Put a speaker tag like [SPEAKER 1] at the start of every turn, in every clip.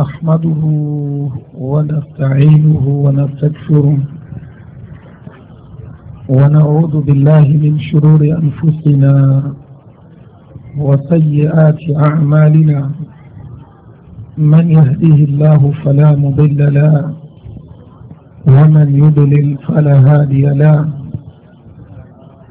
[SPEAKER 1] نحمده ونستعينه ونستكفره ونعوذ بالله من شرور أنفسنا وسيئات أعمالنا من يهديه الله فلا مضل له ومن يضلل فلا هادي له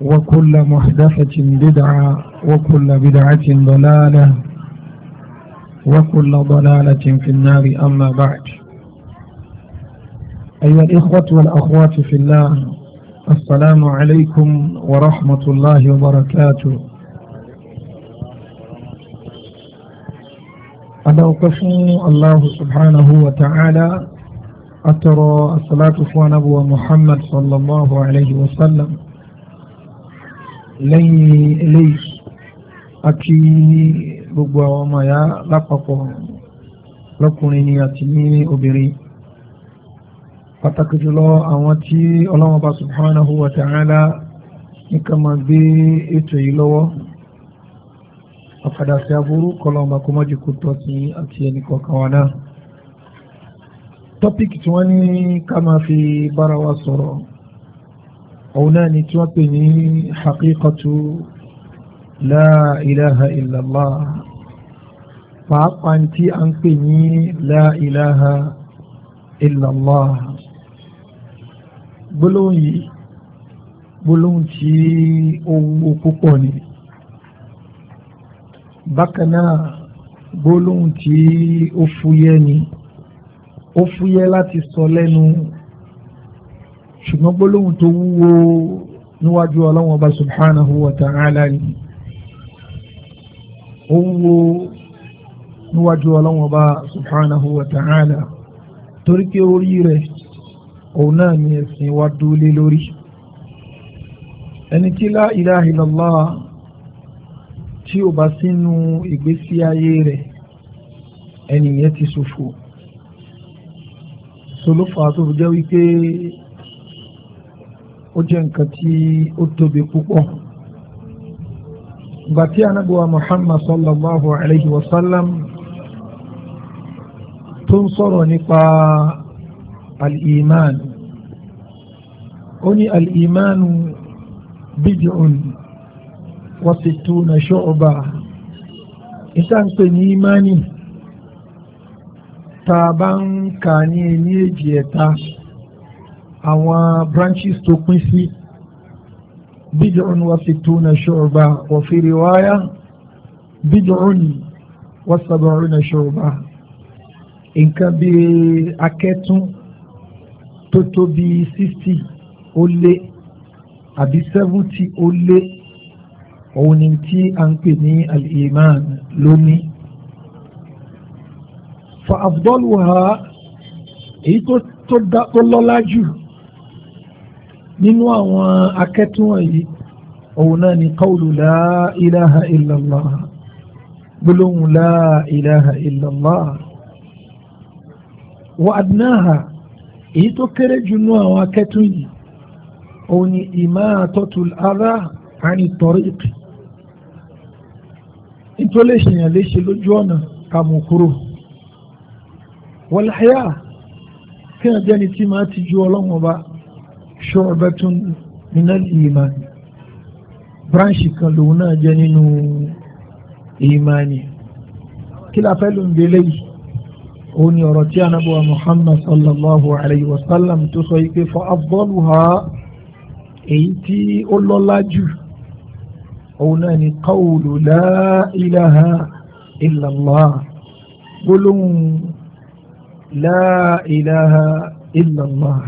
[SPEAKER 1] وكل محدثة بدعة وكل بدعة ضلالة وكل ضلالة في النار أما بعد أيها الإخوة والأخوات في الله السلام عليكم ورحمة الله وبركاته أنا أدعوكم الله سبحانه وتعالى أترى الصلاة فوى نبوة محمد صلى الله عليه وسلم lẹ́yìn eléyìí àti gbogbo àwọn ọmọ ìyá lápapọ̀ lọ́kùnrin ni àti ní obìnrin pàtàkì jùlọ àwọn tí ọlọ́wọ́n bá subhanahu wa ta'ala ní ká máa gbé ètò yìí lọ́wọ́ àfàdà sí aburú kọlọ́mà kó mọ́jú kó tọ́ sí àti ẹnì kọ̀ọ̀kan wa náà tọ́píkì tí wọ́n ní ká máa fi bára wa sọ̀rọ̀ òun náà ni tí wọ́n pè ní haqiqatu la ilaha illallah pàápàá tí a ń pè ní la ilaha illallah gbólóhùn yìí gbólóhùn tí ó wúwo púpọ̀ ni bákan náà gbólóhùn tí ó fúyẹ́ ni ó fúyẹ́ láti sọ lẹ́nu ṣùgbọ́n gbólóhùn tó wúwo níwájú ọlọ́wọ́n ọba subhanahu wa ta'ala ni ó wúwo níwájú ọlọ́wọ́n ọba subhanahu wa ta'ala torí pé orí rẹ̀ òun náà ni ẹ̀sìn wa dúlé lórí ẹni tí la ilaha tí ò bá sínú ìgbésí ayé rẹ̀ ẹnìyẹn ti ṣòfò sọlọ́fà tó fi jẹ́ wípé ó jẹ́ nǹkan tí ó tóbi púpọ̀ ìgbà tí anábíwá muhammad sallallahu alayhi wa sallam tó ń sọ̀rọ̀ nípa al-iman ó ní al-iman bid'un wa sittuna shu'ba ìtànpè ní imani tá a bá ń kà ní ẹni èjì ẹ̀ta àwọn branches tó pín sí bid'un wa sittuna shu'ba wa fi riwaya bid'un wa sab'una shu'ba nǹkan bí akẹ́tún tó tó bí sixty ó lé àbí seventy ó lé òun ni tí a ń pè ní al-iman lónìí fa afdaluha èyí tó lọ́lá jù nínú àwọn akẹ́tùwọ̀n yìí òun náà ni qawlu la ilaha illallah gbólóhùn la ilaha illallah wa adnaha èyí tó kéré jù nú àwọn akẹ́tùn yìí òun ni imatatul adha ani tariq nítorí èṣèyàn léṣe lójú ọ̀nà kàmùkúrò wal haya kí n jẹ́ni tí máa ti ju ọlọ́run ṣọ́ọ̀bẹ́tún iná ìmánì branchi kan lòun náà jẹ́ nínú ìmánì kí la fẹ́ ló ń belé yìí òun ni ọ̀rọ̀ tí anábọ̀wá muhammad sallallahu alayhi wa sallam tó sọ yìí pé fọ afdọ́lùhà èyí tí ó lọ́lá jù òun náà ni qawlu la ilaha illallah gbólóhùn la ilaha illallah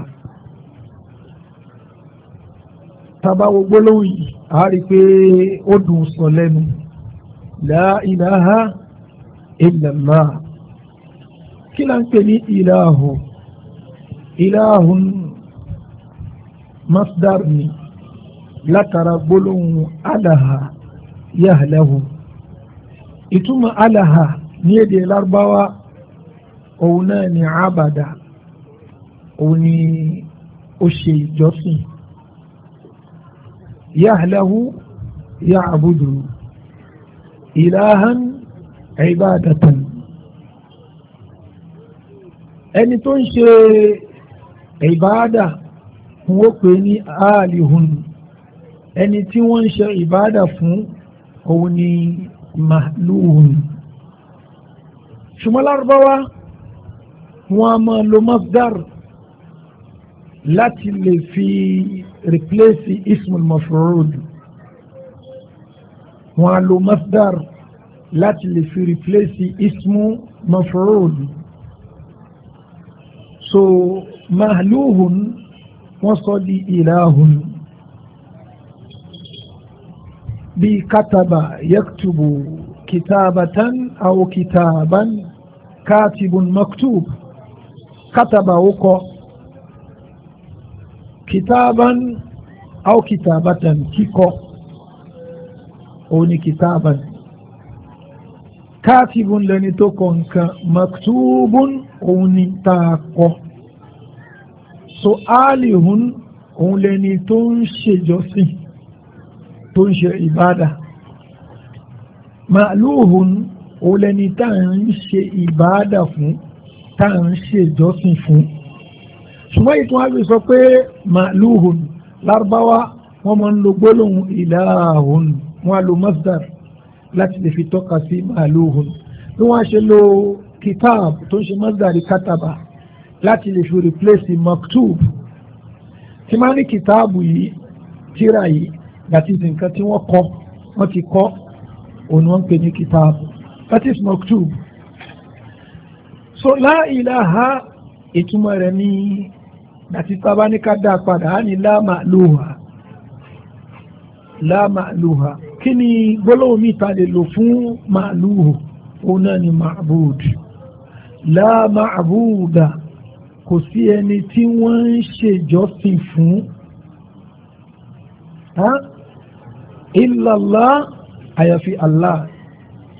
[SPEAKER 1] tabawo gbólóhùn yìí a rí pé ó dùn sọ lẹ́nu la ilaha illallah kí là ń pè ní ìlàhù ìlàhù masdar ni látara gbólóhùn alaha yahlahu ìtumọ̀ alaha ní èdè lárúbáwá òun náà ni abada òun ni ó ṣe ìjọsìn يهله يعبد إلها عبادة ẹni tó ń ṣe ìbáàdà wọ́n pè ní alihun ẹni tí wọ́n ń ṣe ìbáàdà fún òun ni mahluhun ṣùgbọ́n lárúbáwá wọ́n a máa lo mafdar láti lè fi replace ismul maf'ul wọn á lo masdar láti lè fi replace ismu maf'ul so mahluhun wọ́n sọ di ìlàhùn bí kataba yaktubu kitabatan aw kitaban katibun maktub kataba ó kitaban au kitabatan kíkọ oni ni kitaban katibun lẹni tó kọ nǹkan maktubun òun ni tá kọ so alihun òun lẹni tó ń ṣèjọsìn tó ń ṣe ìbádà màlúhun òun lẹni tá à ń ṣe ìbádà fún tá à ń ṣèjọsìn fún ṣùgbọ́n yìí tí wọ́n fi sọ pé màlúhùn lárúbáwá wọ́n máa ń lo gbólóhùn ìlàhùn wọn á lo masdar láti lè fi tọ́ka sí màlúhùn bí wọ́n á ṣe lo kitab tó ń ṣe masdar kátàbà láti lè fi replace maktub tí máa ní kìtáàbù yìí tíra yìí gàtí nǹkan tí wọ́n kọ́ wọ́n ti kọ́ òun wọ́n ń pè ní kìtáàbù that is maktub so la ìtumọ̀ rẹ̀ ní àti tábá ní ká dá padà á ní láàmà lóhà láàmà lóhà kí ni gbólóhùn mi ta lè lò fún màlúhù òun náà ni ma'bud láàmà àbúdà kò sí ẹni tí wọ́n ń ṣèjọ́sìn fún ìlàlá àyàfi Allah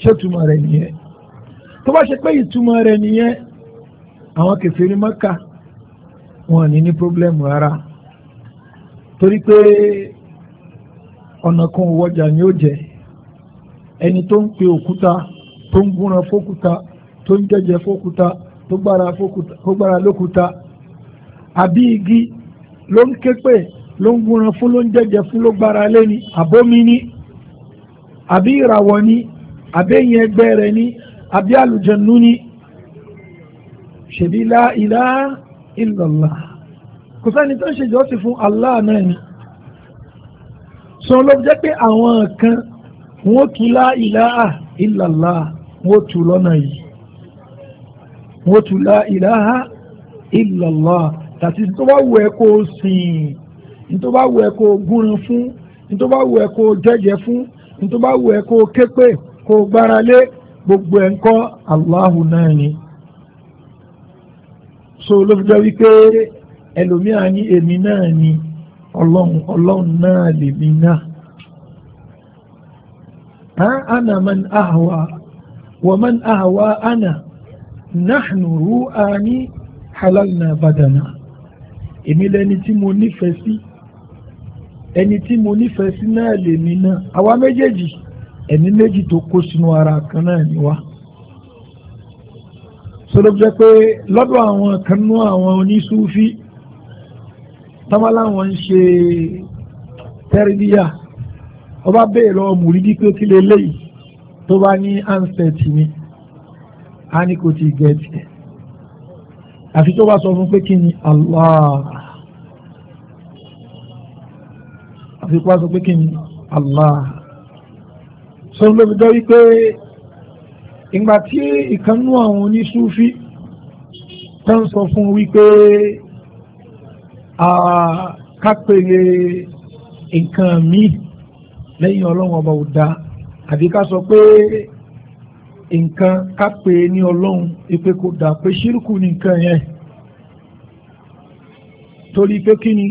[SPEAKER 1] ṣé túmọ̀ rẹ̀ nìyẹn tó bá ṣe pé ìtumọ̀ rẹ̀ nìyẹn àwọn kèfèrí Mákà wọn ní ní pọ́blẹ́mù rárá torí pé ọ̀nà kan wọjà ni ó jẹ ẹni tó ń pe òkúta tó ń gúnran fókúta tó ń jẹjẹ fókúta tó gbára lókúta àbí igi ló ń ké pè ló ń gúnran fún ló ń jẹjẹ fún ló gbára lé ni àbómi ni àbí ìràwọ̀ ni àbí ẹ̀yìn ẹgbẹ́ rẹ̀ ni àbí àlùjànnú ni ṣèbí lá illallah kò sẹ́ni tó ń ṣe ìjọ́sìn fún Allah náà ni sọ ló jẹ́ pé àwọn kan wọ́n tú lá ilaha illallah wọ́n tú lọ́nà yìí wọ́n tú lá ilaha illallah tàbí tó bá wù ẹ́ kó sìn ní tó bá wù ẹ́ kó gúnran fún ní tó bá wù ẹ́ kó fún ní tó bá wù ẹ́ kó gbogbo ẹ̀ ń kọ́ so ló fi jẹ́ wípé ẹlòmíà ní èmi náà ni ọlọ́run ọlọ́run náà lèmi náà أنا من أهوى ومن أهوى أنا نحن رؤاني حللنا بدنا èmi lẹni tí mo nífẹ̀ẹ́ sí ẹni tí mo nífẹ̀ẹ́ sí náà lèmi náà àwa méjèèjì ẹ̀mí méjì tó kó sínú ara kan náà ni wá sọ́dọ̀ jẹ́ pé lọ́dọ̀ àwọn kanú àwọn onísúfí tamaláwọn ń ṣe tẹ́rìdíyà ọba bẹ́ẹ̀ lọ mùrídí pé kí lélẹ́yìí tó bá ní ansẹ̀tì ni a ní kò ti gẹ̀ẹ́tì ẹ̀ àfi tó bá sọ fún pé kí ni Allah àfi kó bá sọ pé kí ni Allah sọ́dọ̀ ló wípé ìgbà tí ìkanú àwọn oníṣúfí tó ń sọ fún wípé kápẹ̀lẹ̀ nǹkan míì lẹ́yìn ọlọ́run ọba ò dáa àbí ká sọ pé nǹkan kápẹ̀ ní ọlọ́run ipe kò dáa pé ṣírùkù ní nǹkan yẹn torí pé kí ni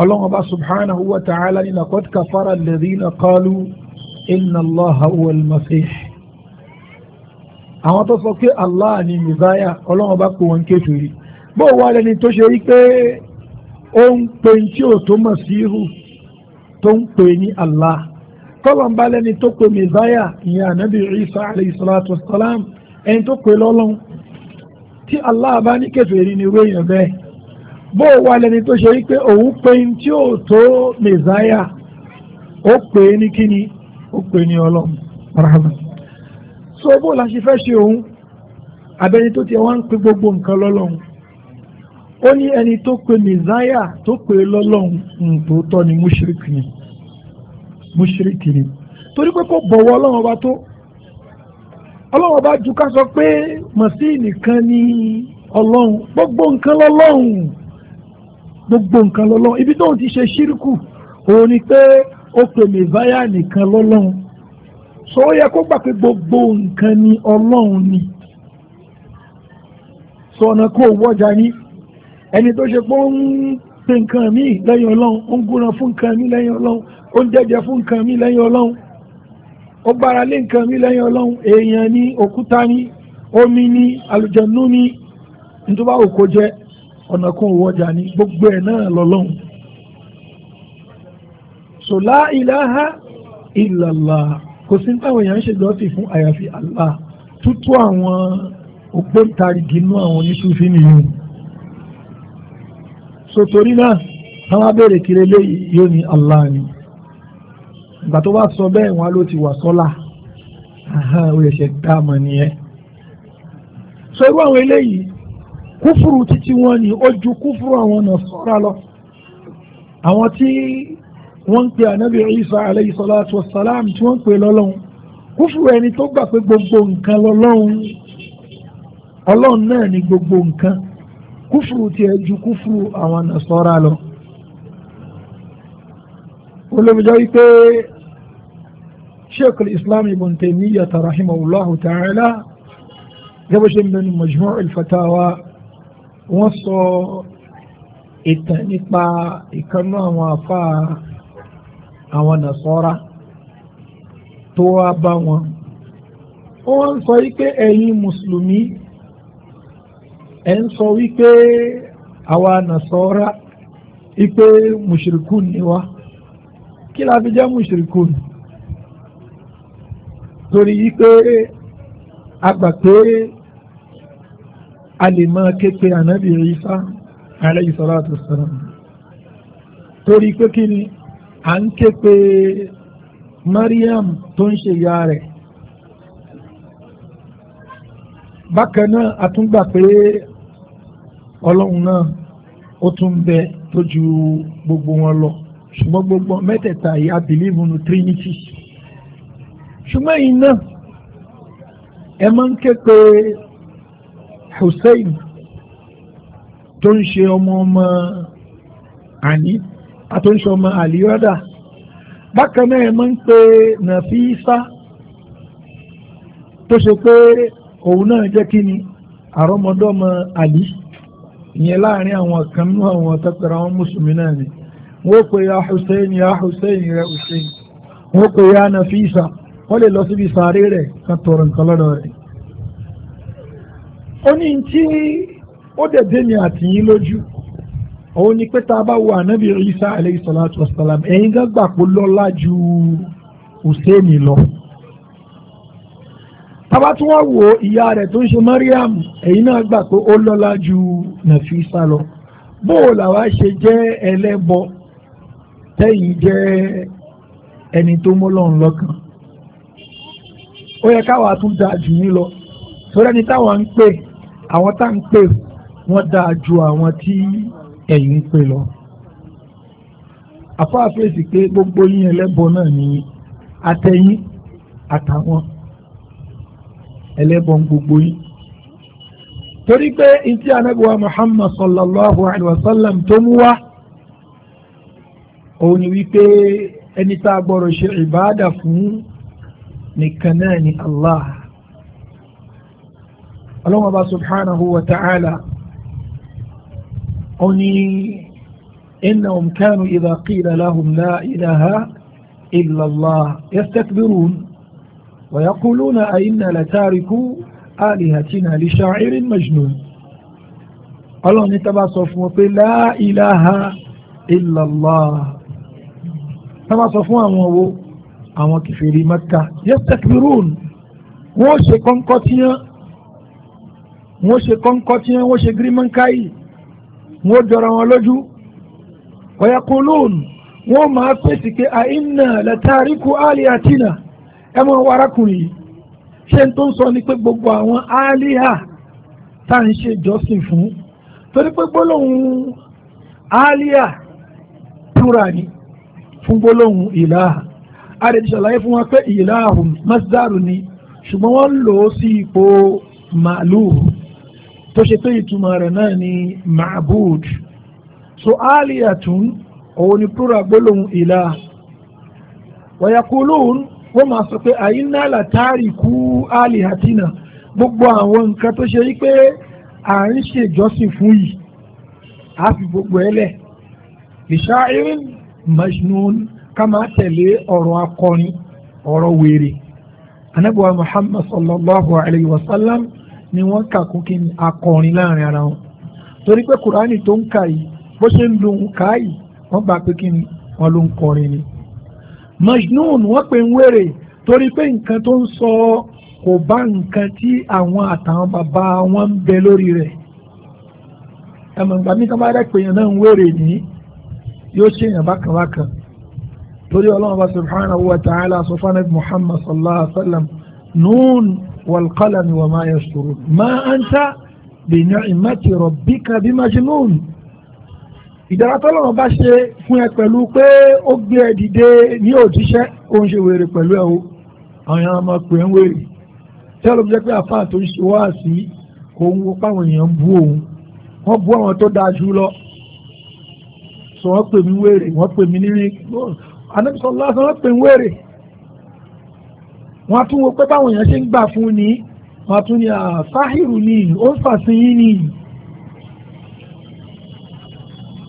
[SPEAKER 1] ọlọ́run ọba subhanahu wa ta'ala ni laqad kafara alladhina qalu inna allaha àwọn tó sọ pé Allah ni mizaya ọlọ́run bá kó wọn kékeré bó wà lẹni tó ṣe rí pé ó ń pe tí ò tó mọ̀ sí irú tó ń pe ní Allah tọ́lọ̀n bá lẹni tó pe mizaya ìyẹn ànábì Isa alayhi wasalam ẹni tó pe lọ́lọ́run tí Allah bá ní kékeré ni irú èèyàn bẹ́ẹ̀ bó wà lẹni tó ṣe rí pé òun pe tí ò tó mizaya ó pe ní kíni ó pe ní ọlọ́run rahman so bó la ṣe fẹ́ ṣe òun abẹni tó ti wá ń pe gbogbo nǹkan lọ́lọ́run ó ní ẹni tó pe mizaya tó pe lọ́lọ́run tòótọ́ ni múṣíríkì ni múṣíríkì ni torí pé kò bọ̀wọ̀ ọlọ́run ọba tó ọlọ́run ọba ju ká sọ pé mọ̀sí nìkan ni ọlọ́run gbogbo nǹkan lọ́lọ́run gbogbo nǹkan lọ́lọ́run ibi tóun ti ṣe ṣíríkù òun ni pé ó pe mizaya nìkan lọ́lọ́run so ó yẹ kó gbà pé gbogbo nǹkan ni ọlọ́run ni so ọ̀nà kó wọ́jà ẹni tó ṣe pé ó ń pe nǹkan mi lẹ́yìn ọlọ́run ó ń gúnran fún nǹkan mi lẹ́yìn ọlọ́run ó ń jẹ́jẹ́ fún nǹkan mi lẹ́yìn ọlọ́run ó gbára lé nǹkan mi lẹ́yìn ọlọ́run èèyàn ni òkúta ni omi ni la kò sí táwọn èèyàn ń ṣe lọ́tì fún àyàfi Allah tútú àwọn ògbóǹtarìgì inú àwọn oníṣúfì nìyẹn so torí náà táwọn abẹ́rẹ́ kiri eléyìí yóò ní Allah ni ìgbà tó bá sọ bẹ́ẹ̀ wọn ló ti wà sọ́là ó yẹ ṣe dá nìyẹn so irú àwọn eléyìí kúfùrù títí wọn ni ó kúfùrù àwọn ọ̀nà sọ́ra lọ àwọn tí wọ́n ń pe ànábì Isa alayhi salatu wa salam tí wọ́n ń pe lọ́lọ́run kúfù ẹni tó gbà pé gbogbo nǹkan lọ́lọ́run ọlọ́run náà ni gbogbo nǹkan kúfù tiẹ̀ ju kúfù àwọn nàṣọ́ra lọ. olómìnira wípé sheikh islam ibn taymiyyah rahimahullahu ta'ala gẹ́gẹ́ ṣe mẹ́nu majmu' al-fatawa wọ́n sọ ìtàn nípa ìkànnú àwọn afáà. àwọn nàṣọ́ra tó wá bá wọn ó ń sọ wípé ẹ̀yin mùsùlùmí ẹ̀ ń sọ wípé àwa nàṣọ́ra wípé mùṣìrìkùn ni wá kí la fi jẹ́ torí wípé a salatu torí pé à ń ké pe Mariam tó ń ṣe ìyá rẹ̀ bákan náà a tún gbà pé ọlọ́run náà ó tún bẹ tó gbogbo wọn lọ ṣùgbọ́n gbogbo mẹ́tẹ̀ẹ̀ta yìí a believe in Trinity ṣùgbọ́n yìí náà ẹ máa ń ké pe Hussein tó ń ṣe ọmọ ọmọ àní. àtúnṣe ma àlìyọ́dà bákan náà ẹ ń pe nàfíìsá tó ṣe pé òun náà jẹ́ kí ni àrọ́mọdọ́mọ àlì ìyẹn láàrin àwọn kan musulmi na tẹ́tẹ̀rẹ̀ àwọn mùsùlùmí náà ni wọ́n pe ya Hussein ya Hussein ya nàfíìsá wọ́n lè lọ síbi rẹ̀ kan tọrọ nǹkan lọ́dọ̀ rẹ̀ ó ní tí ó dẹ̀ dé àtìyín lójú òun ni pé tá a wo ànábì Isa alayhi salatu wasalam ẹ̀yin gan gbà pé lọ́lá ju Hussein lọ tábà tí wọ́n wo ìyá rẹ̀ tó ń ṣe Mariam ẹ̀yin náà gbà pé ó lọ́lá ju Nafisa lọ bóò làwa ṣe jẹ́ ẹlẹ́bọ tẹ́yìn jẹ́ ẹni tó mọ́lọ́run lọ́kàn ó yẹ káwa tún dáa jù yín lọ torí ẹni táwọn ń pè àwọn tá ń pè wọ́n dáa ju àwọn tí ẹ̀yìn ń pè lọ. àfa àfẹ́sì pé gbogbo yín ẹlẹ́bọ náà ní atẹ́yìn àtàwọn ẹlẹ́bọ gbogbo yín. torí pé ìtí anábíwá Muhammad sallallahu alayhi wa sallam tó mú wá òun ni wípé ẹni tá a gbọ́dọ̀ ṣe ìbáàdà fún nìkan náà ni Allah. ọlọ́wọ́n bá subhanahu ó إنهم كانوا إذا قيل لهم لا إله إلا الله يستكبرون ويقولون أئنا لتاركوا آلهتنا لشاعر مجنون الله نتبع صفوة لا إله إلا الله تبع صفوة أمو أمو كفير مكة يستكبرون وشي كونكوتيا وشي كونكوتيا وشي غريمان كاي wọ́n jọra wọn lójú ọ̀yàkùnlóòn wọ́n máa pèsè pé a iná lẹ́tàríkù aliatina ẹ mọ̀ warakùnrin yìí ṣé n tó ń sọ ni pé gbogbo àwọn aliha tá à ń ṣe ìjọsìn fún torí pé gbólóhùn aliha túra ni fún gbólóhùn ìlàhà àdèjì fún wa pé ìlàhùn masdaru ni ṣùgbọ́n wọ́n lò ó sí ipò màlúù tó ṣe pé ìtumọ̀ rẹ̀ náà ni ma'bud so aliyatun òun ni plural gbólóhùn ìlà wàyàkúlóhùn wọ́n máa sọ pé àyínná látàrí kú alihatina gbogbo àwọn nǹkan tó ṣe wípé à ń ṣèjọsìn fún yìí a fi gbogbo ẹlẹ̀ ìṣáírin majnun ká máa tẹ̀lé ọ̀rọ̀ akọrin ọ̀rọ̀ wèrè anábùwà muhammad sallallahu alayhi wa sallam ni wọ́n kà kún kí ni akọrin láàrin ara wọn torí pé kùránì tó ń kà yìí bó ṣe ń lu nǹka yìí wọ́n gbà pé kí ni wọ́n ló ń kọrin ni. Majnun wọ́n pè ń torí pé nǹkan tó ń sọ kò bá nǹkan tí àwọn àtàwọn bàbá wọn ń bẹ lórí rẹ̀ mi kan bá rẹ̀ pé èèyàn náà ń ní yóò ṣe èèyàn ta'ala sọ Muhammad sallallahu alayhi wa sallam nùún. والقلم وما يسطرون ما أنت بنعمة ربك بمجنون ìdára tọ́lọ́run bá ṣe fún ẹ pẹ̀lú pé ó gbé ẹ dìde ní òjíṣẹ́ ó ń ṣe wèrè pẹ̀lú ẹ o àwọn èèyàn pè ń wèrè tí ọlọ́run jẹ́ pé àfáà tó ń ṣe wá sí òun wo páwọn èèyàn ń bú òun wọ́n bú àwọn tó dáa jù lọ sọ wọ́n pè mí wèrè wọ́n pè mí nírin anábìsọ̀ lásán wọ́n pè ń wèrè wọ́n á tún wo pé báwọn èèyàn ṣe ń gbà fún ni wọ́n á tún ní sáhìrù ni ó ń fàṣeyín ni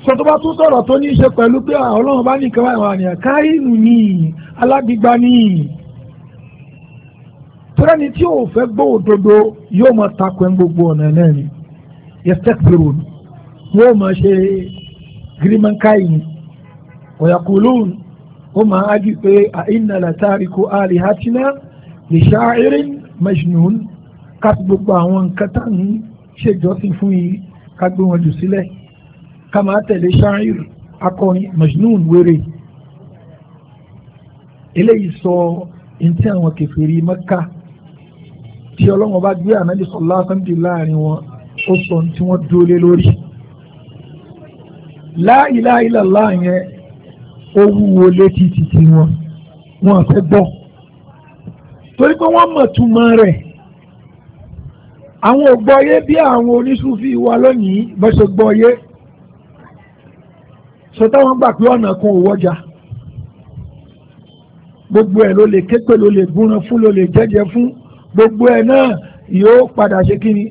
[SPEAKER 1] sọ tó bá tún sọ̀rọ̀ tó ní í ṣe pẹ̀lú pé ọlọ́run bá nìkan wà wà ní àkáhìrù ni alágbígba ni tẹ́lẹ̀ni tí ò fẹ́ gbọ́ òdodo yóò máa takò ẹ́ gbogbo ọ̀nà náà ni yẹ́sẹ̀kìrò yóò máa ṣe girimankai ni ọ̀yàkùlùn ó máa ájú pé àìnàlá táríkù àlìhàtínà lè ṣááírí mẹ́jìnnún ká fi gbogbo àwọn nǹkan tá ní ṣèjọ́sìn fún yìí ká gbé wọn jù sílẹ̀ ká máa tẹ̀lé ṣááírí akọrin mẹ́jìnnún wéré eléyìí sọ ntí àwọn kẹfìrí mẹ́ka tí ọlọ́wọ́n bá gbé ànábì sọ̀lá sàǹdì láàrin wọn ó sọ tí wọ́n dúró lórí. La ilaha ó wúwo létí títí wọn wọn fẹ́ gbọ́ torí pé wọ́n mọ̀ túmọ̀ rẹ̀ àwọn ò gbọ́yé bí àwọn oníṣúfì wa lónìí bó ṣe gbọ́yé sọ táwọn gbà pé ọ̀nà kan ò wọ́jà gbogbo ẹ̀ ló lè ké pé ló lè gúnran fún ló lè jẹ́jẹ́ fún gbogbo ẹ̀ náà yóò padà ṣe kí ni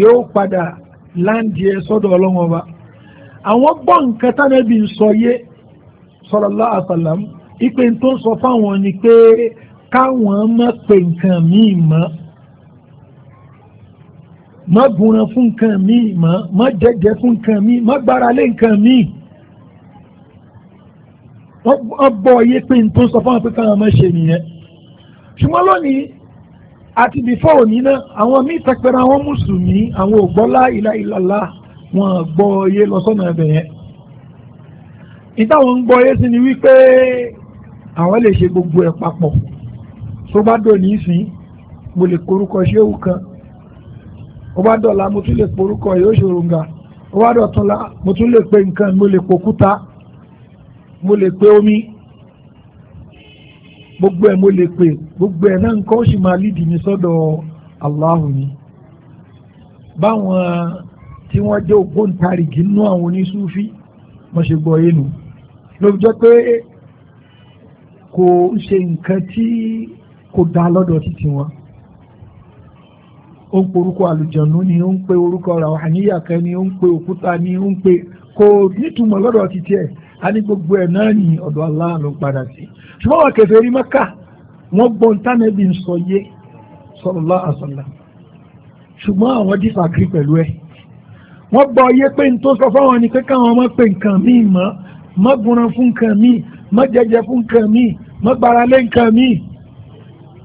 [SPEAKER 1] yóò padà láǹdì ẹ sọ́dọ̀ ọlọ́wọ́n ọba àwọn gbọ́ nǹkan tánẹ́bì ń sọ yé sallallahu alaihi wasallam ìpè tó ń sọ fáwọn ni pé káwọn má pe nǹkan míì mọ́ má gúnran fún nǹkan míì mọ́ má jẹ́jẹ́ fún nǹkan míì má gbára lé nǹkan míì wọ́n bọ̀ yé pé n tó sọ fún wọn pé káwọn má ṣe nìyẹn ṣùgbọ́n lónìí àti bìfọ́ òní náà àwọn míì tẹpẹrẹ àwọn mùsùlùmí àwọn ògbọ́lá ìlàlá wọn gbọ́ yé lọ sọ́nà ẹ̀bẹ̀ yẹn ìtàwọn ń gbọ́ yé sí ni wípé àwọn lè ṣe gbogbo ẹ̀ papọ̀ tó bá dò ní sí mo lè porúkọ ṣéwù kan ó bá dọ̀la mo tún lè porúkọ yóò ṣòròǹgà ó bá dọ̀túnla mo tún lè pe nǹkan mo lè pòkúta mo lè pe omi gbogbo ẹ̀ mo lè pe gbogbo ẹ̀ náà nǹkan ó sì máa lídìí mi sọ́dọ̀ Allahu ni báwọn tí wọ́n jẹ́ ògbóǹtarìgì nínú àwọn onísúfí wọ́n ṣe gbọ́ yé nu ló pé kò ń ṣe nǹkan tí kò dá lọ́dọ̀ títí wọn ó ń pe orúkọ àlùjọ̀nú ni ó ń pe orúkọ ràwáníyà kan ni ó ń pe òkúta ni ó ń pe kò nítumọ̀ lọ́dọ̀ títí ẹ̀ a ní gbogbo ẹ̀ náà ni ọ̀dọ̀ Allah ló ń padà ṣùgbọ́n wà kẹfẹ́ wọ́n gbọ́ ń sọ yé pẹ̀lú ẹ̀ wọ́n gbọ́ yé pé n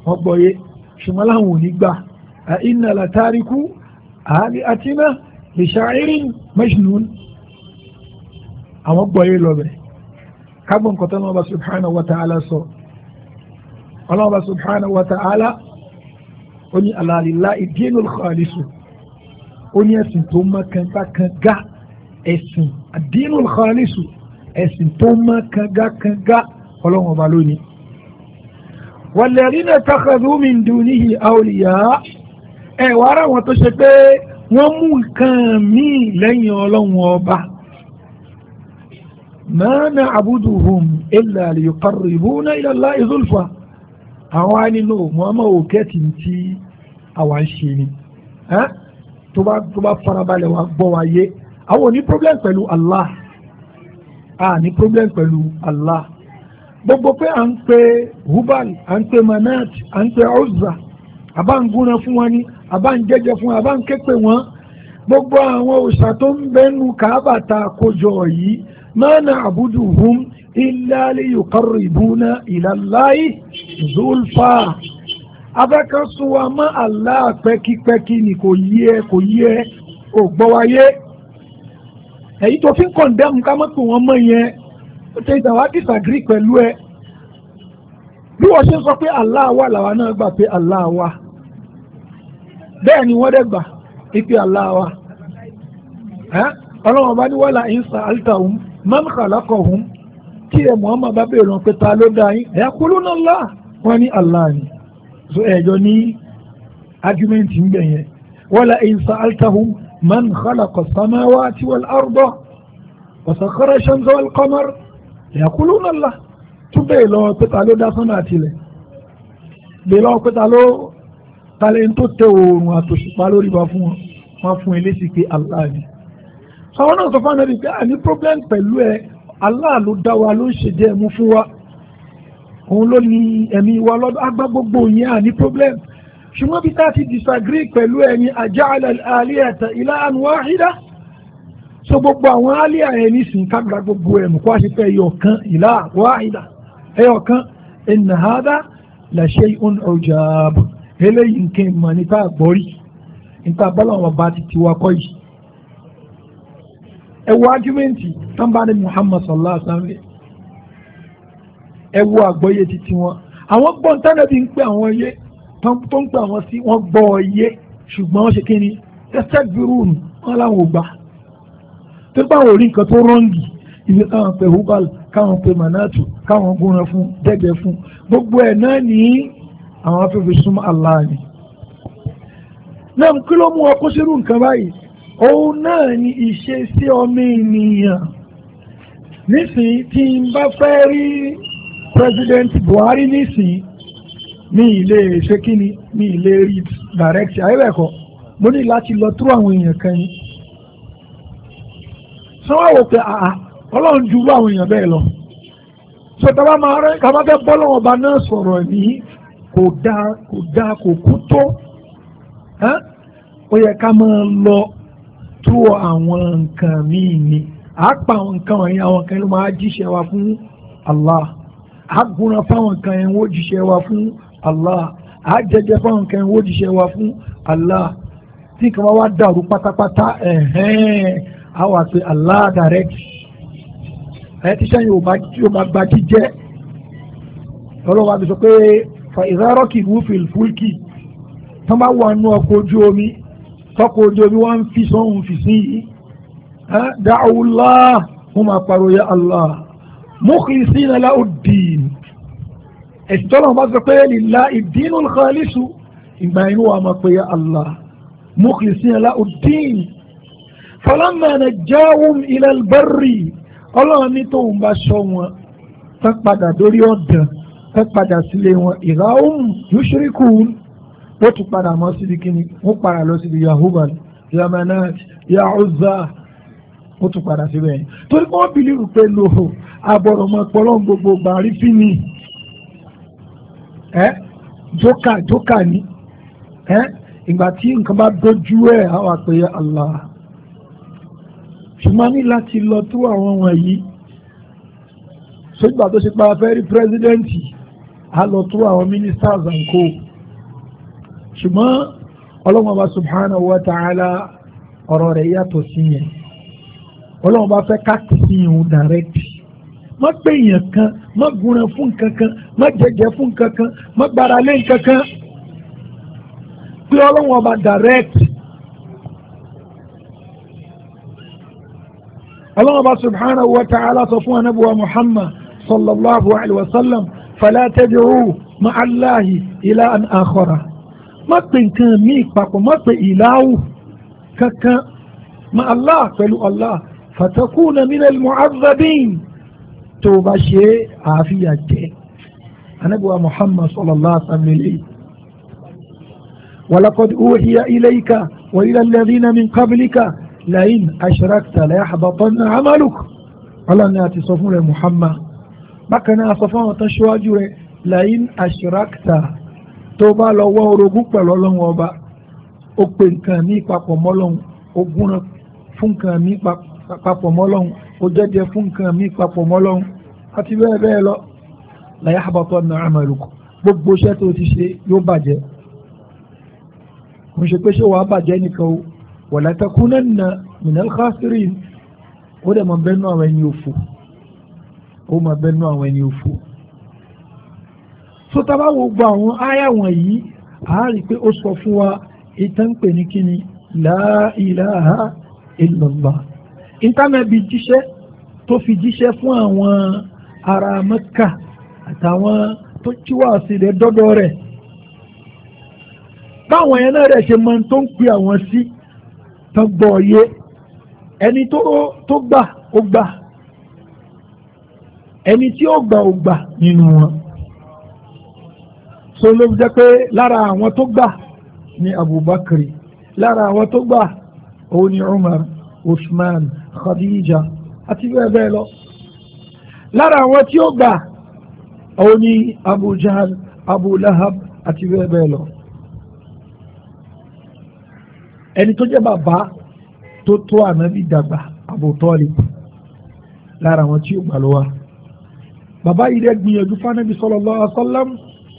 [SPEAKER 1] wọ́n gbọ́yé ṣùgbọ́n láwọn ò ní gbà à iná látàríkú àhálí àtínà lè ṣàárín majnun àwọn gbọ́yé lọ́bẹ̀ kágbọ́n nǹkan tó lọ́wọ́ bá subhanahu wa ta'ala sọ ọlọ́wọ́ bá subhanahu wa ta'ala ó ní alàlìlá ìdínul khalisu ó ní ẹ̀sìn tó mọ́ kangakanga ẹ̀sìn àdínul khalisu ẹ̀sìn tó mọ́ kangakanga ọlọ́wọ́n ọba lónìí walladhina takhadhu min dunihi awliya ẹ wà ara wọn tó ṣe pé wọ́n mú nǹkan míì lẹ́yìn ọlọ́run ọba ma na'buduhum illa liyuqarribuna ila Allahi zulfa àwọn anínú muhammad òkẹ́tì tí àwa ń ṣe ni tó bá tó bá farabalẹ̀ wa gbọ́ wa yé àwọn ò ní problem pẹ̀lú Allah a ní problem pẹ̀lú Allah gbogbo pé à ń pe hubal à ń pe manat à ń pe uzza àbá ń gúnra fún wọn ni àbá ń jẹjẹ fún wọn àbá ń ké pè wọn gbogbo àwọn òòṣà tó ń bẹnu kàábà ta àkójọ yìí máa àbúdù hum illa li yuqarribuna ila zulfa abẹ́kan wa mọ́ Allah pẹ́kípẹ́kí ni kò yí ẹ kò yí ẹ ò gbọ́ wáyé èyí tó fi ń kọ̀ǹdẹ́mù ká mọ́ pé wọ́n mọ̀ yẹn ṣe ìtàwá disagree pẹ̀lú ẹ bí wọ́n ṣe ń sọ pé Allah wà làwa náà gbà pé Allah wà bẹ́ẹ̀ ni wọ́n dẹ̀ gbà ipe Allah wà ọlọ́run ọba ní wàhálà ìsà altahum man khalaqahum kí ẹ Muhammad bá bèèrè wọn pé ta ló dá yín ẹ̀yà kúlú náà lá wọn ní Allah so ẹ̀jọ́ ní argument ń bẹ̀ wàhálà ìsà altahum man khalaqa samawati wal arda wa sakhara shamsa wal ìyàkúlù nàlá tún bẹ́ẹ̀ lọ pẹ́ta ló dá sánmà àtìlẹ̀ bẹ́ẹ̀ lọ pẹ́ta ló talẹ̀ ń tó tẹ oòrùn àtòṣùpá lórí wa fún wọn wọn fún ilé sì pé Allah ni. sọ́wọ́n náà sọ fún anabi pé àní problem pẹ̀lú ẹ Allah ló dá wa ló ń ṣe jẹ́ ẹ̀mú fún wa òun ló ní ẹ̀mí wa lọ́dọ̀ agbá gbogbo yẹn àní problem ṣùgbọ́n bí tá a ti disagree pẹ̀lú ẹni aja'ala al-alihata ilahan wahida so gbogbo àwọn alẹ́ àyẹ̀ nísìnyí kágbà gbogbo ẹ̀ mú kó a ṣe fẹ́ ẹyọ kan ìlà wáhìdà ẹyọ kan inna hadha la shay'un ujab eléyìí nǹkan ìmọ̀ nípa àgbọ̀rí nípa bọ́láwọn bá ti tiwa kọ́ yìí ẹ wo ájúmẹ́ǹtì tán Muhammad sallallahu alaihi wasallam ẹ wo àgbọ́yé ti tiwọn àwọn gbọ́n ń pè àwọn yé tó ń pè àwọn sí wọ́n gbọ́ ọ yé ṣùgbọ́n wọ́n ṣe kí ni tẹ́tẹ́ gbúrú nù wọ́n ò gbà tó bá wò rí nǹkan tó rọ́ǹgì ibi káwọn pe hubal káwọn pe manatu káwọn gúnra fún dẹ́gbẹ́ fún gbogbo ẹ̀ náà ní àwọn afẹ́fẹ́ súnmọ́ Allah ni. náà kí ló mú ọkọ sírú nǹkan báyìí òun náà ni ìṣe sí ọmọ ènìyàn nísìnyí tí n bá fẹ́ rí President Buhari nísìnyí ní ilé ṣé kí ni ní ilé rí direct ayébẹ̀kọ mo ní láti lọ tú àwọn èèyàn kan yìí sọ wá wò pé àá ah, ah, ọlọ́run ju àwọn èèyàn bẹ́ẹ̀ lọ sọ bá máa ọba náà sọ̀rọ̀ ní kò dáa kò dáa kò kú tó ó yẹ ká máa lọ tó àwọn nǹkan míì ni àá pa àwọn nǹkan wọ̀nyí àwọn nǹkan ló máa jíṣẹ́ wa fún Allah àá gúnra fáwọn nǹkan yẹn jíṣẹ́ fún Allah jẹjẹ fáwọn nǹkan àwọn àti Allah direct ẹ̀ tíṣẹ́ yóò máa gba jíjẹ́ ọlọ́wọ́ àbí sọ pé fa ìzárọ́kì wúfìl fúlkì tó bá wà nú ọkọ̀ ojú omi tọkọ̀ ojú omi wọ́n ń fi sọ́hun fi sí yìí dáhùlá wọ́n máa pariwo ya Allah mukhlisina lahu ddin ẹ̀sìn tọ́lọ́ bá sọ pé lìlá ìdínú khalisu ìgbà inú wa máa pe ya Allah mukhlisina lahu ddin falamma najjahum ila al-barri ọlọ́run ní tóun bá sọ wọn tán padà dórí ọ̀dàn tán padà sílé wọn ìlàhùn yushrikun ó tún padà mọ́ síbi kíni wọ́n padà lọ síbi yahuban yamanat yahuzza ó tún padà síbẹ̀ yẹn torí wọ́n bìlírù pé lóhùn abọ̀rọ̀mọ pọ̀lọ́ gbogbo gbàrí fínì ẹ́ jókà jókà ní ẹ́ ìgbà tí nǹkan bá dojú ẹ̀ àwọn àpèyẹ Allah ṣùgbọ́n ní láti lọ tó àwọn wọ̀nyí sójúgbà tó ṣe pa fẹ́ rí pírẹ́sidẹ́ǹtì á lọ tó àwọn ministers and co ṣùgbọ́n ọlọ́wọ́n Subhana wa ta'ala ọ̀rọ̀ rẹ̀ yàtọ̀ sí yẹn ọlọ́wọ́n bá fẹ́ káàkiri yẹn direct má pé èèyàn kan má gúnran fún kankan má jẹjẹ fún kankan má gbára lé kankan pé ọlọ́wọ́n bá direct Allah subhanahu wa ta'ala sọ fún anábùwà Muhammad sallallahu alayhi wa sallam fala tad'u ma'a Allahi ilahan akhara má pe nǹkan míì papọ̀ má pe ìlàhù kankan ma'a Allah pẹ̀lú Allah fatakuna minal mu'azzabin tó bá ṣe àáfíà jẹ́ anábùwà Muhammad sallallahu alayhi wa sallam wa uhiya ilayka wa ila alladhina min qablika lẹ́yìn aṣọ́rákìtà lẹ́yìn àbátọ́ ní amálùk ọlọ́ni àti sọ fún rẹ̀ Muhammad bákan náà sọ fún àwọn tó ṣíwájú rẹ̀ lẹ́yìn aṣọ́rákìtà tó bá lọ wọ́ orogún pẹ̀lú ọlọ́run ọba ó pe nǹkan ní papọ̀ mọ́lọ́run ó gúnra fún nǹkan ní papọ̀ mọ́lọ́run ó jẹ́jẹ́ fún nǹkan ní papọ̀ mọ́lọ́run àti bẹ́ẹ̀ bẹ́ẹ̀ lọ lẹ́yìn àbátọ́ ní amálùk gbogbo iṣẹ́ tó ti ṣe yóò bàjẹ́ kò ń ṣe pé ṣé wàá bàjẹ́ nìkan o wala takunanna minal khasirin ó dẹ̀ máa bẹ́nu àwọn ẹni òfò ó máa bẹ́nu àwọn ẹni òfò tó tábà wo gba àwọn áyà wọ̀nyí a rí pé ó sọ fún wa ìtàn pè ní kíni la ilaha illallah ìtànàbí jíṣẹ́ tó fi jíṣẹ́ fún àwọn ará Mẹ́kà àtàwọn tó tíwá sí rẹ̀ dọ́dọ̀ rẹ̀ báwọn yẹn náà rẹ̀ ṣe máa tó ń pè àwọn sí tán gbọ́ ọyé ẹni tó gbà ó gbà ẹni tí ó gbà ó gbà nínú wọn so ló jẹ́ pé lára àwọn tó gbà ni Abubakari lára àwọn tó gbà òun ni Umar Usman Khadija àti bẹ́ẹ̀ bẹ́ẹ̀ lọ lára àwọn tí ó gbà òun ni Abu Jahl àti bẹ́ẹ̀ bẹ́ẹ̀ lọ ẹni tó jẹ́ bàbá tó tó ànábì dàgbà Abu Talib lára àwọn tí ó gbà ló wá bàbá yìí rẹ̀ gbìyànjú fánábì sallallahu alaihi wasallam